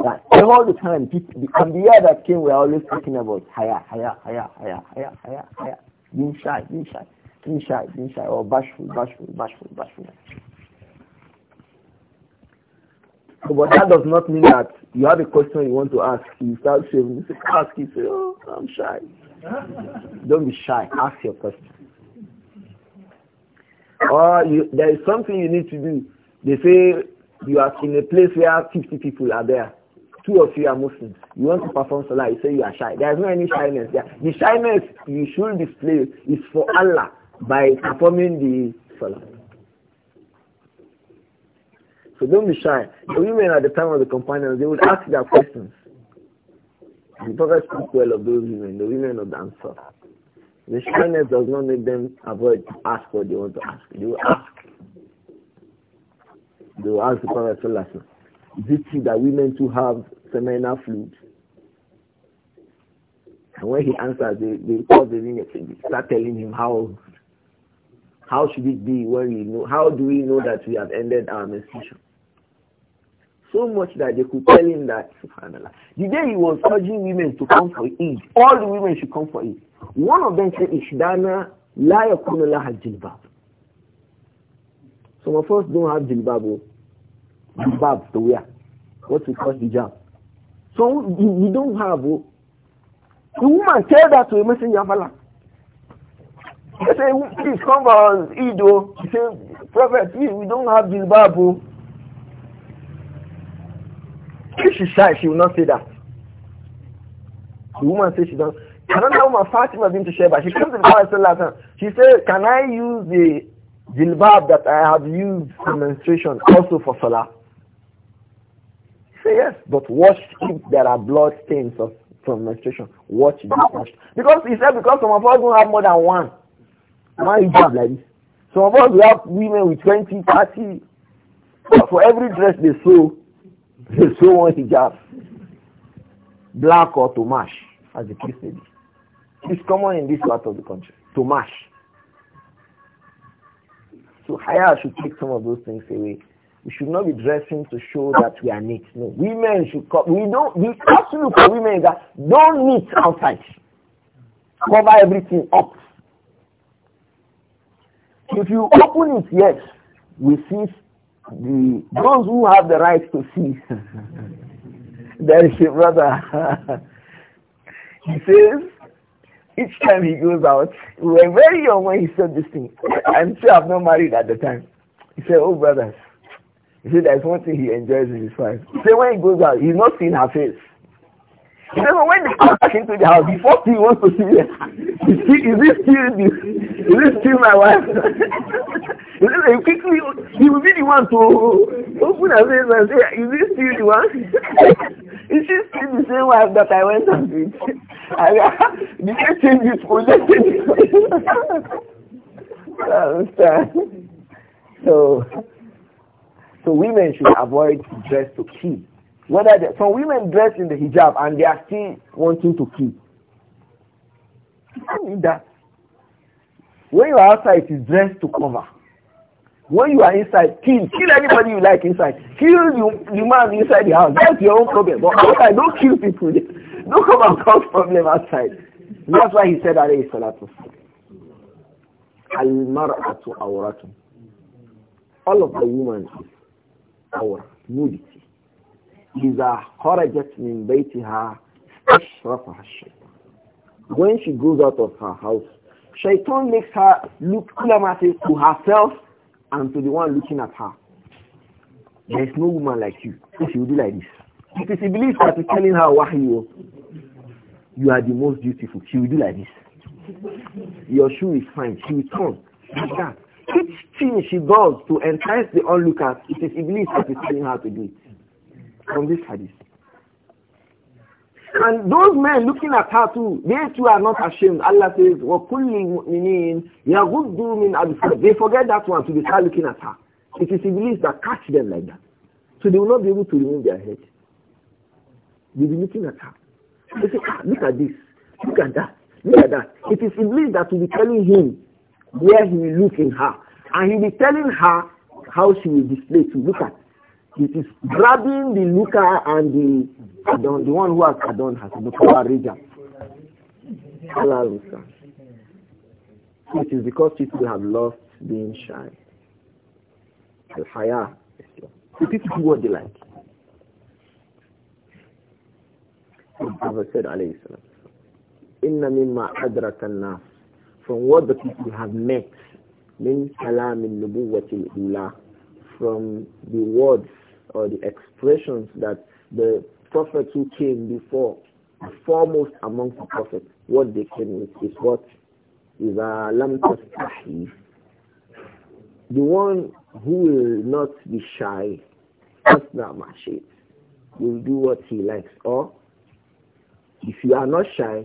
that all the time, people, the Ambiya that came, we are always talking about haya, haya, haya, haya, haya, haya, haya, being shy, being shy being shy, being shy, or oh, bashful, bashful, bashful, bashful. But that does not mean that you have a question you want to ask. You start shaving. You say, ask. You say, oh, I'm shy. Don't be shy. Ask your question. Or you, there is something you need to do. They say you are in a place where 50 people are there. Two of you are Muslims. You want to perform salah. You say you are shy. There is no any shyness there. The shyness you should display is for Allah by performing the salah. So don't be shy. The women at the time of the companions, they would ask their questions. The Prophet spoke well of those women, the women of the The shyness does not make them avoid to ask what they want to ask. They will ask. They will ask the Prophet Is it true that women too have seminal fluid? And when he answers, they, they call the women and start telling him how how should it be when we know? How do we know that we have ended our menstruation? So much that they could tell him that, subhanAllah. The day he was urging women to come for it? all the women should come for it. One of them said, Ishdana la yakunu had jilbab. Some of us don't have jilbab. Jilbab oh. to wear. What we call hijab. So you, you don't have. Oh. The woman tell that to a messenger of Allah. He said, please come for Edo. Oh. He said, Prophet, please, we don't have this oh. Bible. If she's shy, she will not say that. The woman says she doesn't. Another woman, Fatima to Sheba, she comes to the and last time. She said, can I use the jilbab that I have used for menstruation also for Salah? He said, yes, but wash if there are blood stains of, from menstruation. Watch it. Because he said, because some of us don't have more than one. Why job, like this? Some of us we have women with 20, 30. For every dress they sew, they sew one hijab. Black or tomash, as the case may be. It's common in this part of the country. Tomash. So higher should take some of those things away. We should not be dressing to show that we are neat. No, women should cut. We don't. to look for women that don't meet outside. Cover everything up. If you open it, yes, we see the those who have the right to see. there is a brother. he says, each time he goes out, we were very young when he said this thing. I'm sure I've not married at the time. He said, oh brothers. He said, there's one thing he enjoys in his wife. He said, when he goes out, he's not seeing her face. You when they come back into the house, before first he wants to see them. is, is this still this? Is this still my wife? you know, he quickly, he will be the one to open her face and say, is this still the one? is she still the same wife that I went and did? Did they change it? Will they change it? so, so women should avoid dress to kill. Whether they, some women dress in the hijab and they are still wanting to kill. I mean that. When you are outside, it is dressed to cover. When you are inside, kill. Kill anybody you like inside. Kill the, the man inside the house. That's your own problem. But outside, don't kill people. Don't come and cause problem outside. That's why he said, alayhi salatu Al-mar'atu All of the women our nudity. إِذَا خَرَجَتْ مِنْ بَيْتِهَا أَشْرَفَهَا الشَّيْطَانِ When she goes out of her house, shaitan makes her look ulamatic to herself and to the one looking at her. There is no woman like you. She would do like this. It is Iblis that is telling her, Wahyu, you are the most beautiful. She will do like this. Your shoe is fine. She will turn like that. Each thing she does to entice the onlookers, it is Iblis that is telling her to do it from this hadith. And those men looking at her too, they too are not ashamed. Allah says, وَكُلِّ مُؤْمِنِينَ يَغُدُّ They forget that one to so start looking at her. It is Iblis that catch them like that. So they will not be able to remove their head. They'll be looking at her. They say, ah, look at this, look at that, look at that. It is Iblis that will be telling him where he will look in her. And he will be telling her how she will display to look at. It is grabbing the looker and the Adon, the one who has Adon has the power region. It is because people have lost being shy. The Haya is The people do what they like. The Prophet said, alayhi salam, Inna mimma adraka From what the people have met, min salam in nubuwati ula, from the words or the expressions that the prophets who came before, the foremost among the prophets, what they came with is what is a uh, lam tastahi. The one who will not be shy, that's not my shape, will do what he likes. Or if you are not shy,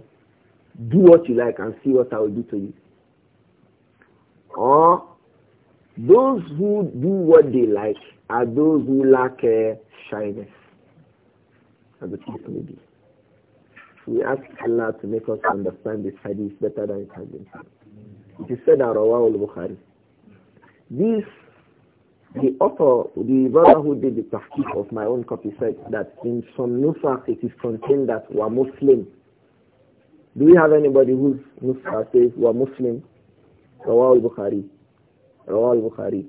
do what you like and see what I will do to you. Or those who do what they like, are those who lack uh, shyness, as the case may be. We ask Allah to make us understand this hadith better than it has been It is said in Rawah al-Bukhari. This, the author, the brother who did the tahqiq of my own copy said that in some nusakh it is contained that we are Muslim. Do we have anybody whose nusakh says we are Muslim? Rawah al-Bukhari. Rawah al-Bukhari.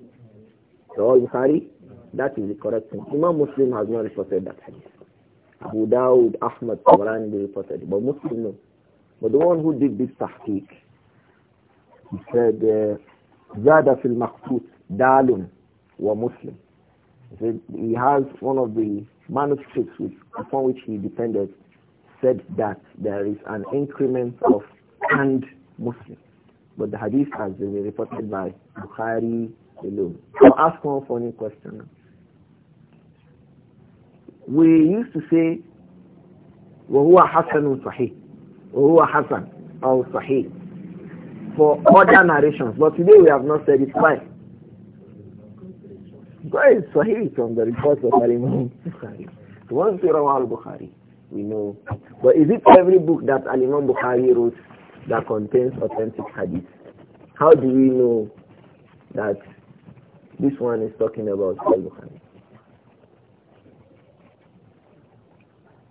Rawah al-Bukhari? That is the correct thing. Imam Muslim has not reported that hadith. Abu Dawud, Ahmad, Tabarani reported it, but Muslim no. But the one who did this tahqiq, he said, uh, Zada fil maqtut dalun wa Muslim. He said he has one of the manuscripts which, upon which he depended said that there is an increment of and Muslim. But the hadith has been reported by Bukhari alone. So ask one funny question we used to say وهو hassan صحيح وهو Hassan أو صحيح for other narrations but today we have not said it why why is from the reports of Al-Imam Bukhari once you Al-Bukhari we know but is it every book that Al-Imam Bukhari wrote that contains authentic hadith how do we know that this one is talking about Al-Bukhari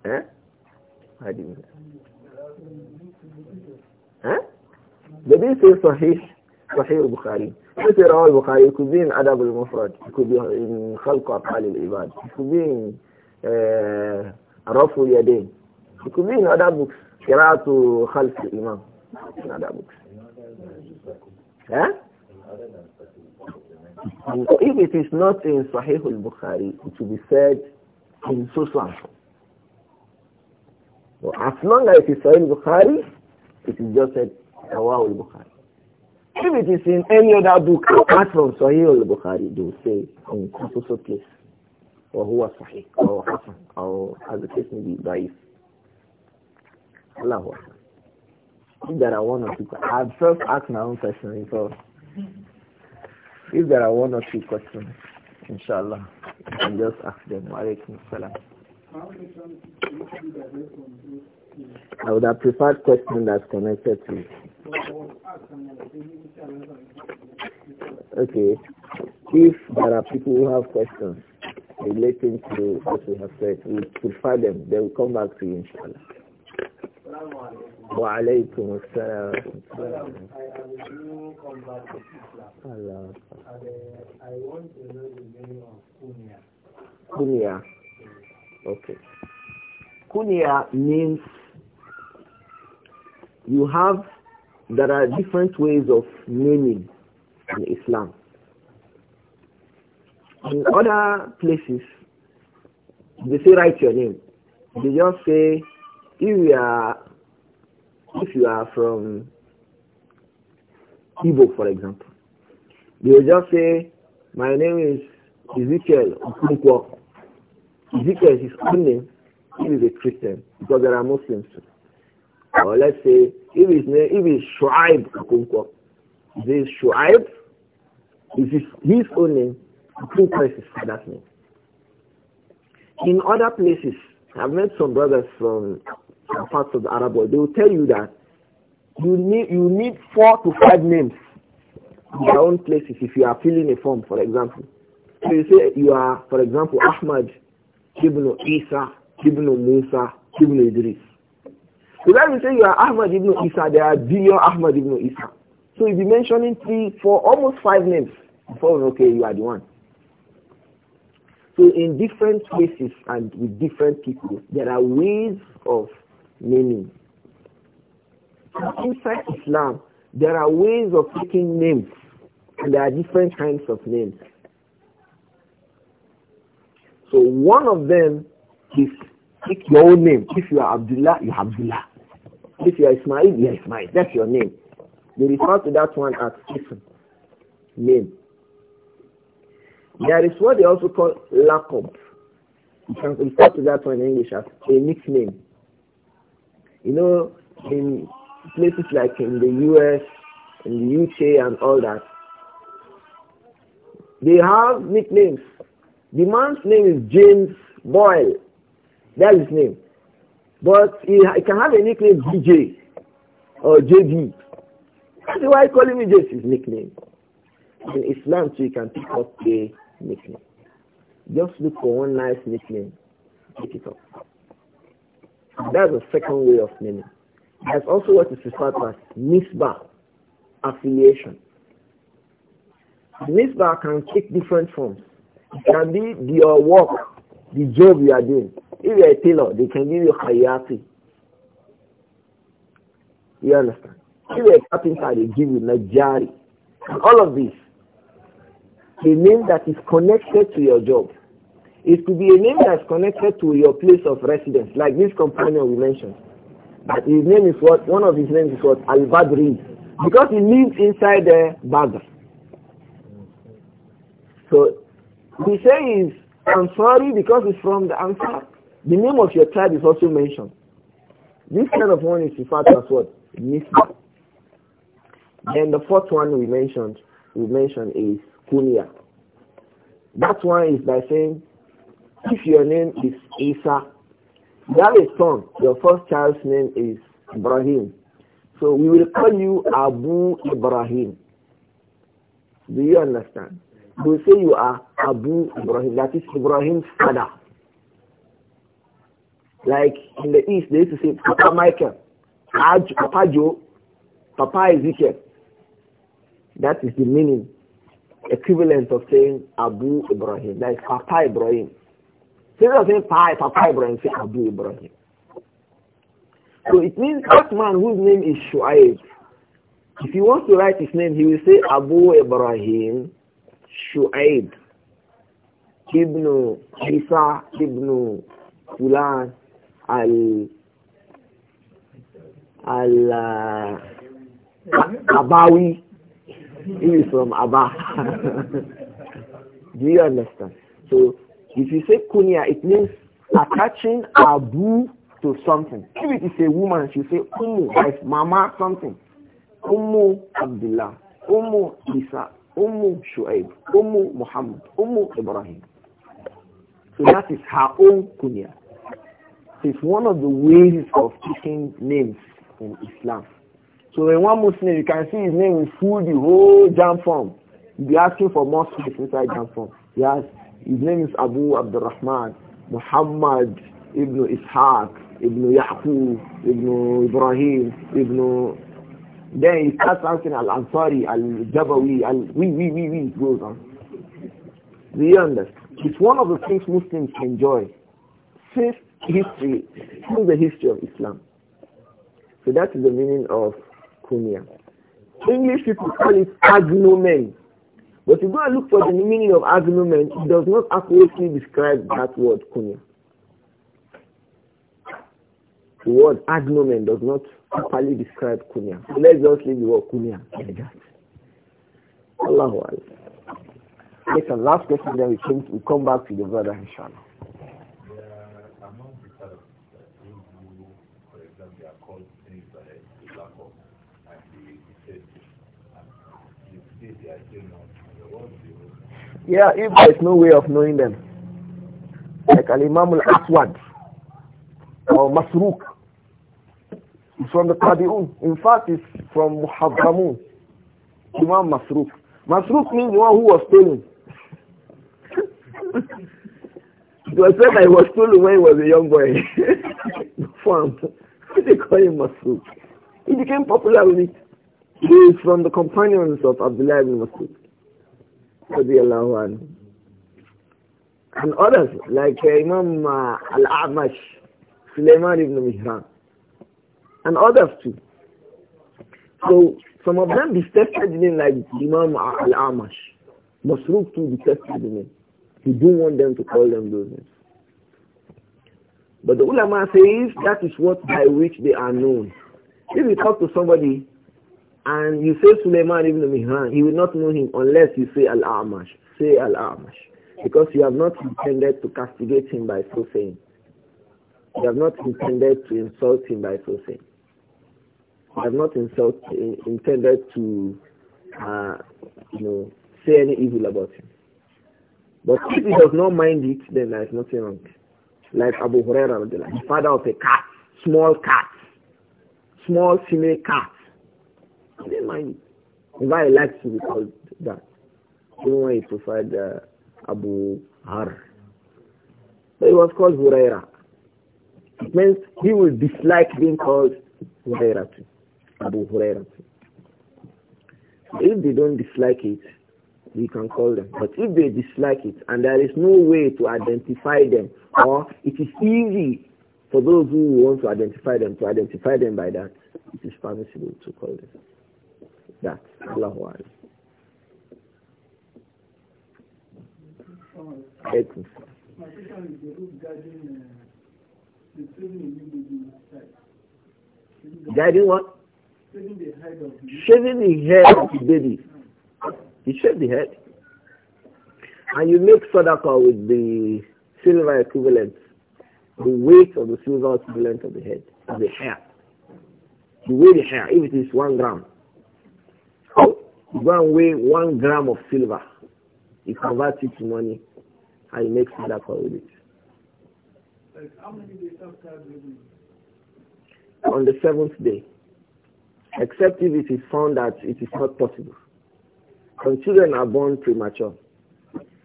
Eh? I didn't. Eh? They didn't Sahih, Sahih bukhari They say Rawal bukhari It could be in al-Mufrad. It could be Khalq al-Ibad. It could be in uh, Rafu Yadayn. It could be in other books. Qira'atu Khalq al-Imam. In other books. Eh? so if it is not in Sahih al-Bukhari, it will be said in Susan. But as long as it is Sahih Bukhari, it is just said Rawah al-Bukhari. If it is in any other book apart from Sahih al-Bukhari, they will say on so so place. Or who was Sahih, or Hassan, or as the case may be, Daif. Allahu Akbar. If there are one or two questions, I've first asked my own question before. If there are one or two questions, inshallah, you can just ask them. Wa alaikum salam. I would have preferred question that's connected to. Okay. If there are people who have questions relating to what we have said, we prefer them. They will come back to you, inshallah. Wa alaykum assalam. I want to know the meaning of Okay. Kunya means you have, there are different ways of naming in Islam. In other places, they say write your name. They just say, if you are, if you are from Igbo, for example, they will just say, my name is Ezekiel Okunkwo. Ezekiel is his own name. He is a Christian because there are Muslims too. Or let's say if his name if his Shuaib this Shuaib is his, his own name. Akunkwo is his father's name. In other places, I've met some brothers from some parts of the Arab world. They will tell you that you need you need four to five names in your own places if you are filling a form, for example. So you say you are, for example, Ahmad Ibn Isa, Ibn Musa, Ibn Idris. So that will say you are Ahmad Ibn Isa, there are billion Ahmad Ibn Isa. So you'll be mentioning three, four, almost five names before, okay, you are the one. So in different places and with different people, there are ways of naming. Inside Islam, there are ways of taking names, and there are different kinds of names. So one of them is take your own name. If you are Abdullah, you are Abdullah. If you are Ismail, you are Ismail. That's your name. They refer to that one as ism, name. There is what they also call lakob. You can refer to that one in English as a nickname. You know, in places like in the US, in the UK and all that, they have nicknames. The man's name is James Boyle. That's his name. But he, he can have a nickname DJ or JB. That's why calling me just his nickname. In Islam too, you can pick up a nickname. Just look for one nice nickname. Pick it up. That's the second way of naming. That's also what is referred to as nisbah, affiliation. Misbah can take different forms. It can be your work, the job you are doing. If you are a tailor, they can give you khayati. You understand? If you are a carpenter, they give you najari. all of this, a name that is connected to your job. It could be a name that's connected to your place of residence, like this companion we mentioned. But his name is what? One of his names is what? Al-Badri. Because he lives inside the Badr. So they say is, I'm sorry because it's from the Ansar. The name of your tribe is also mentioned. This kind of one is referred as what? Nisba. Then the fourth one we mentioned, we mentioned is Kunya. That one is by saying, if your name is Isa, that is son. Your first child's name is Ibrahim. So we will call you Abu Ibrahim. Do you understand? We say you are Abu Ibrahim, that is Ibrahim's father. Like in the East, they used to say Papa Michael, Aj, Papa Joe, Papa Ezekiel. That is the meaning, equivalent of saying Abu Ibrahim. That is Papa Ibrahim. instead of saying Papa, Papa Ibrahim, say Abu Ibrahim. So it means that man whose name is Shu'aib, if he wants to write his name, he will say Abu Ibrahim Shu'aib. Ibnu Isa Ibnu Fulan al al uh, Abawi. He is from Aba. Do you understand? So if you say kunya, it means attaching abu to something. If it is a woman, she say umu, like mama something. Umu Abdullah, Umu Isa, Umu Shu'aib, Umu Muhammad, Umu Ibrahim. So that is her own kunya. It's one of the ways of taking names in Islam. So when one Muslim, you can see his name will fool the whole jam form. You'll be asking for more space inside jam form. Yes, his name is Abu Abdurrahman, Muhammad ibn Ishaq, ibn Yaqub, ibn Ibrahim, ibn... Then he starts asking Al-Ansari, Al-Jabawi, Al... We, we, we, we, goes on. Do you understand? It's one of the things Muslims enjoy since history, through the history of Islam. So that is the meaning of kunya. English people call it agnomen. But if you go and look for the meaning of agnomen, it does not accurately describe that word kunya. The word agnomen does not properly describe kunya. So let's just leave the word kunya like that. Allahu Akbar. Listen. last question, then we, came, we come back to the brother, inshallah. Yeah, if there's no way of knowing them. Like Al Imam al Aswad or Masruq. It's from the Kadiun. In fact, it's from Muhabbamun. Imam Masruq. Masruq means the one who was stealing it was said I was stolen when he was a young boy. Farm. they call him Masood. He became popular with it. He is from the companions of Abdullah ibn Masood. And others, like uh, Imam uh, Al-A'mash, Sulaiman ibn Mihran, and others too. So some of them detested the name like Imam Al-A'mash. Masruq too detested the name. He do not want them to call them those names. But the ulama says that is what by which they are known. If you talk to somebody and you say Suleiman ibn Mihran, he will not know him unless you say Al-Amash. Say Al-Amash. Because you have not intended to castigate him by so saying. You have not intended to insult him by so saying. You have not insult, intended to, uh, you know, say any evil about him. But if he does not mind it, then there is nothing wrong. Like Abu Huraira, the father of a cat, small cat, small female cat. He didn't mind it. Why he likes to be called that. Even when he preferred uh, Abu Har. But he was called Huraira. It means he will dislike being called Huraira too, Abu Huraira too. If they don't dislike it, we can call them. But if they dislike it and there is no way to identify them, or it is easy for those who want to identify them to identify them by that, it is permissible to call them. That. Allahu the Guiding what? Shaving the head of the baby. You shave the head. And you make sadaqah with the silver equivalent, the weight of the silver equivalent of the head, of the hair. You weigh the hair, if it is one gram. So you go and weigh one gram of silver. You convert it to money and you make sadaqah with it. On the seventh day. Except if it is found that it is not possible. Some children are born premature.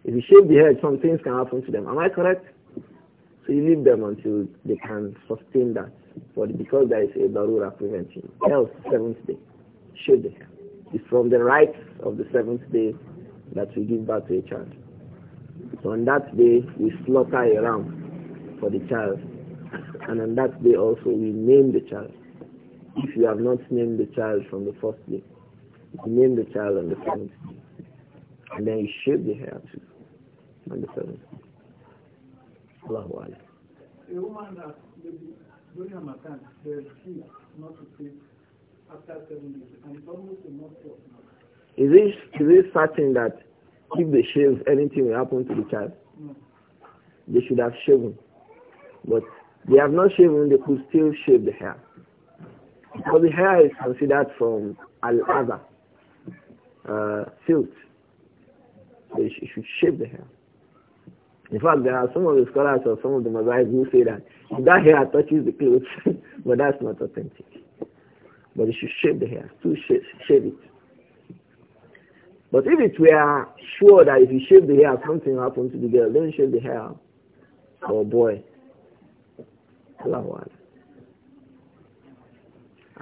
If you shave the head, some things can happen to them. Am I correct? So you leave them until they can sustain that. For because there is a barura preventing. Else, seventh day, shave the head. It's from the rights of the seventh day that we give birth to a child. So on that day, we slaughter a ram for the child. And on that day also, we name the child. If you have not named the child from the first day, name the child on the seventh And then should be the hair too the seventh Allahu Akbar. A woman that during Ramadan, there is not to sleep after seven days, and it's almost a month of now. Is this certain that if they shave, anything will happen to the child? No. They should have shaven. But they have not shaven, they could still shave the hair. Because the hair is considered from al azhar uh, silt. They sh should shave the hair. In fact, there are some of the scholars or some of the Mazahis who say that if that hair touches the clothes, but that's not authentic. But you should shave the hair, to shave, shave it. But if it were sure that if you shave the hair, something happens to the girl, don't shave the hair. Oh boy. one.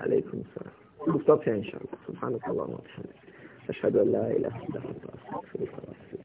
Alaykum salam. Stop here inshallah. Subhanallah. أشهد أن لا إله إلا الله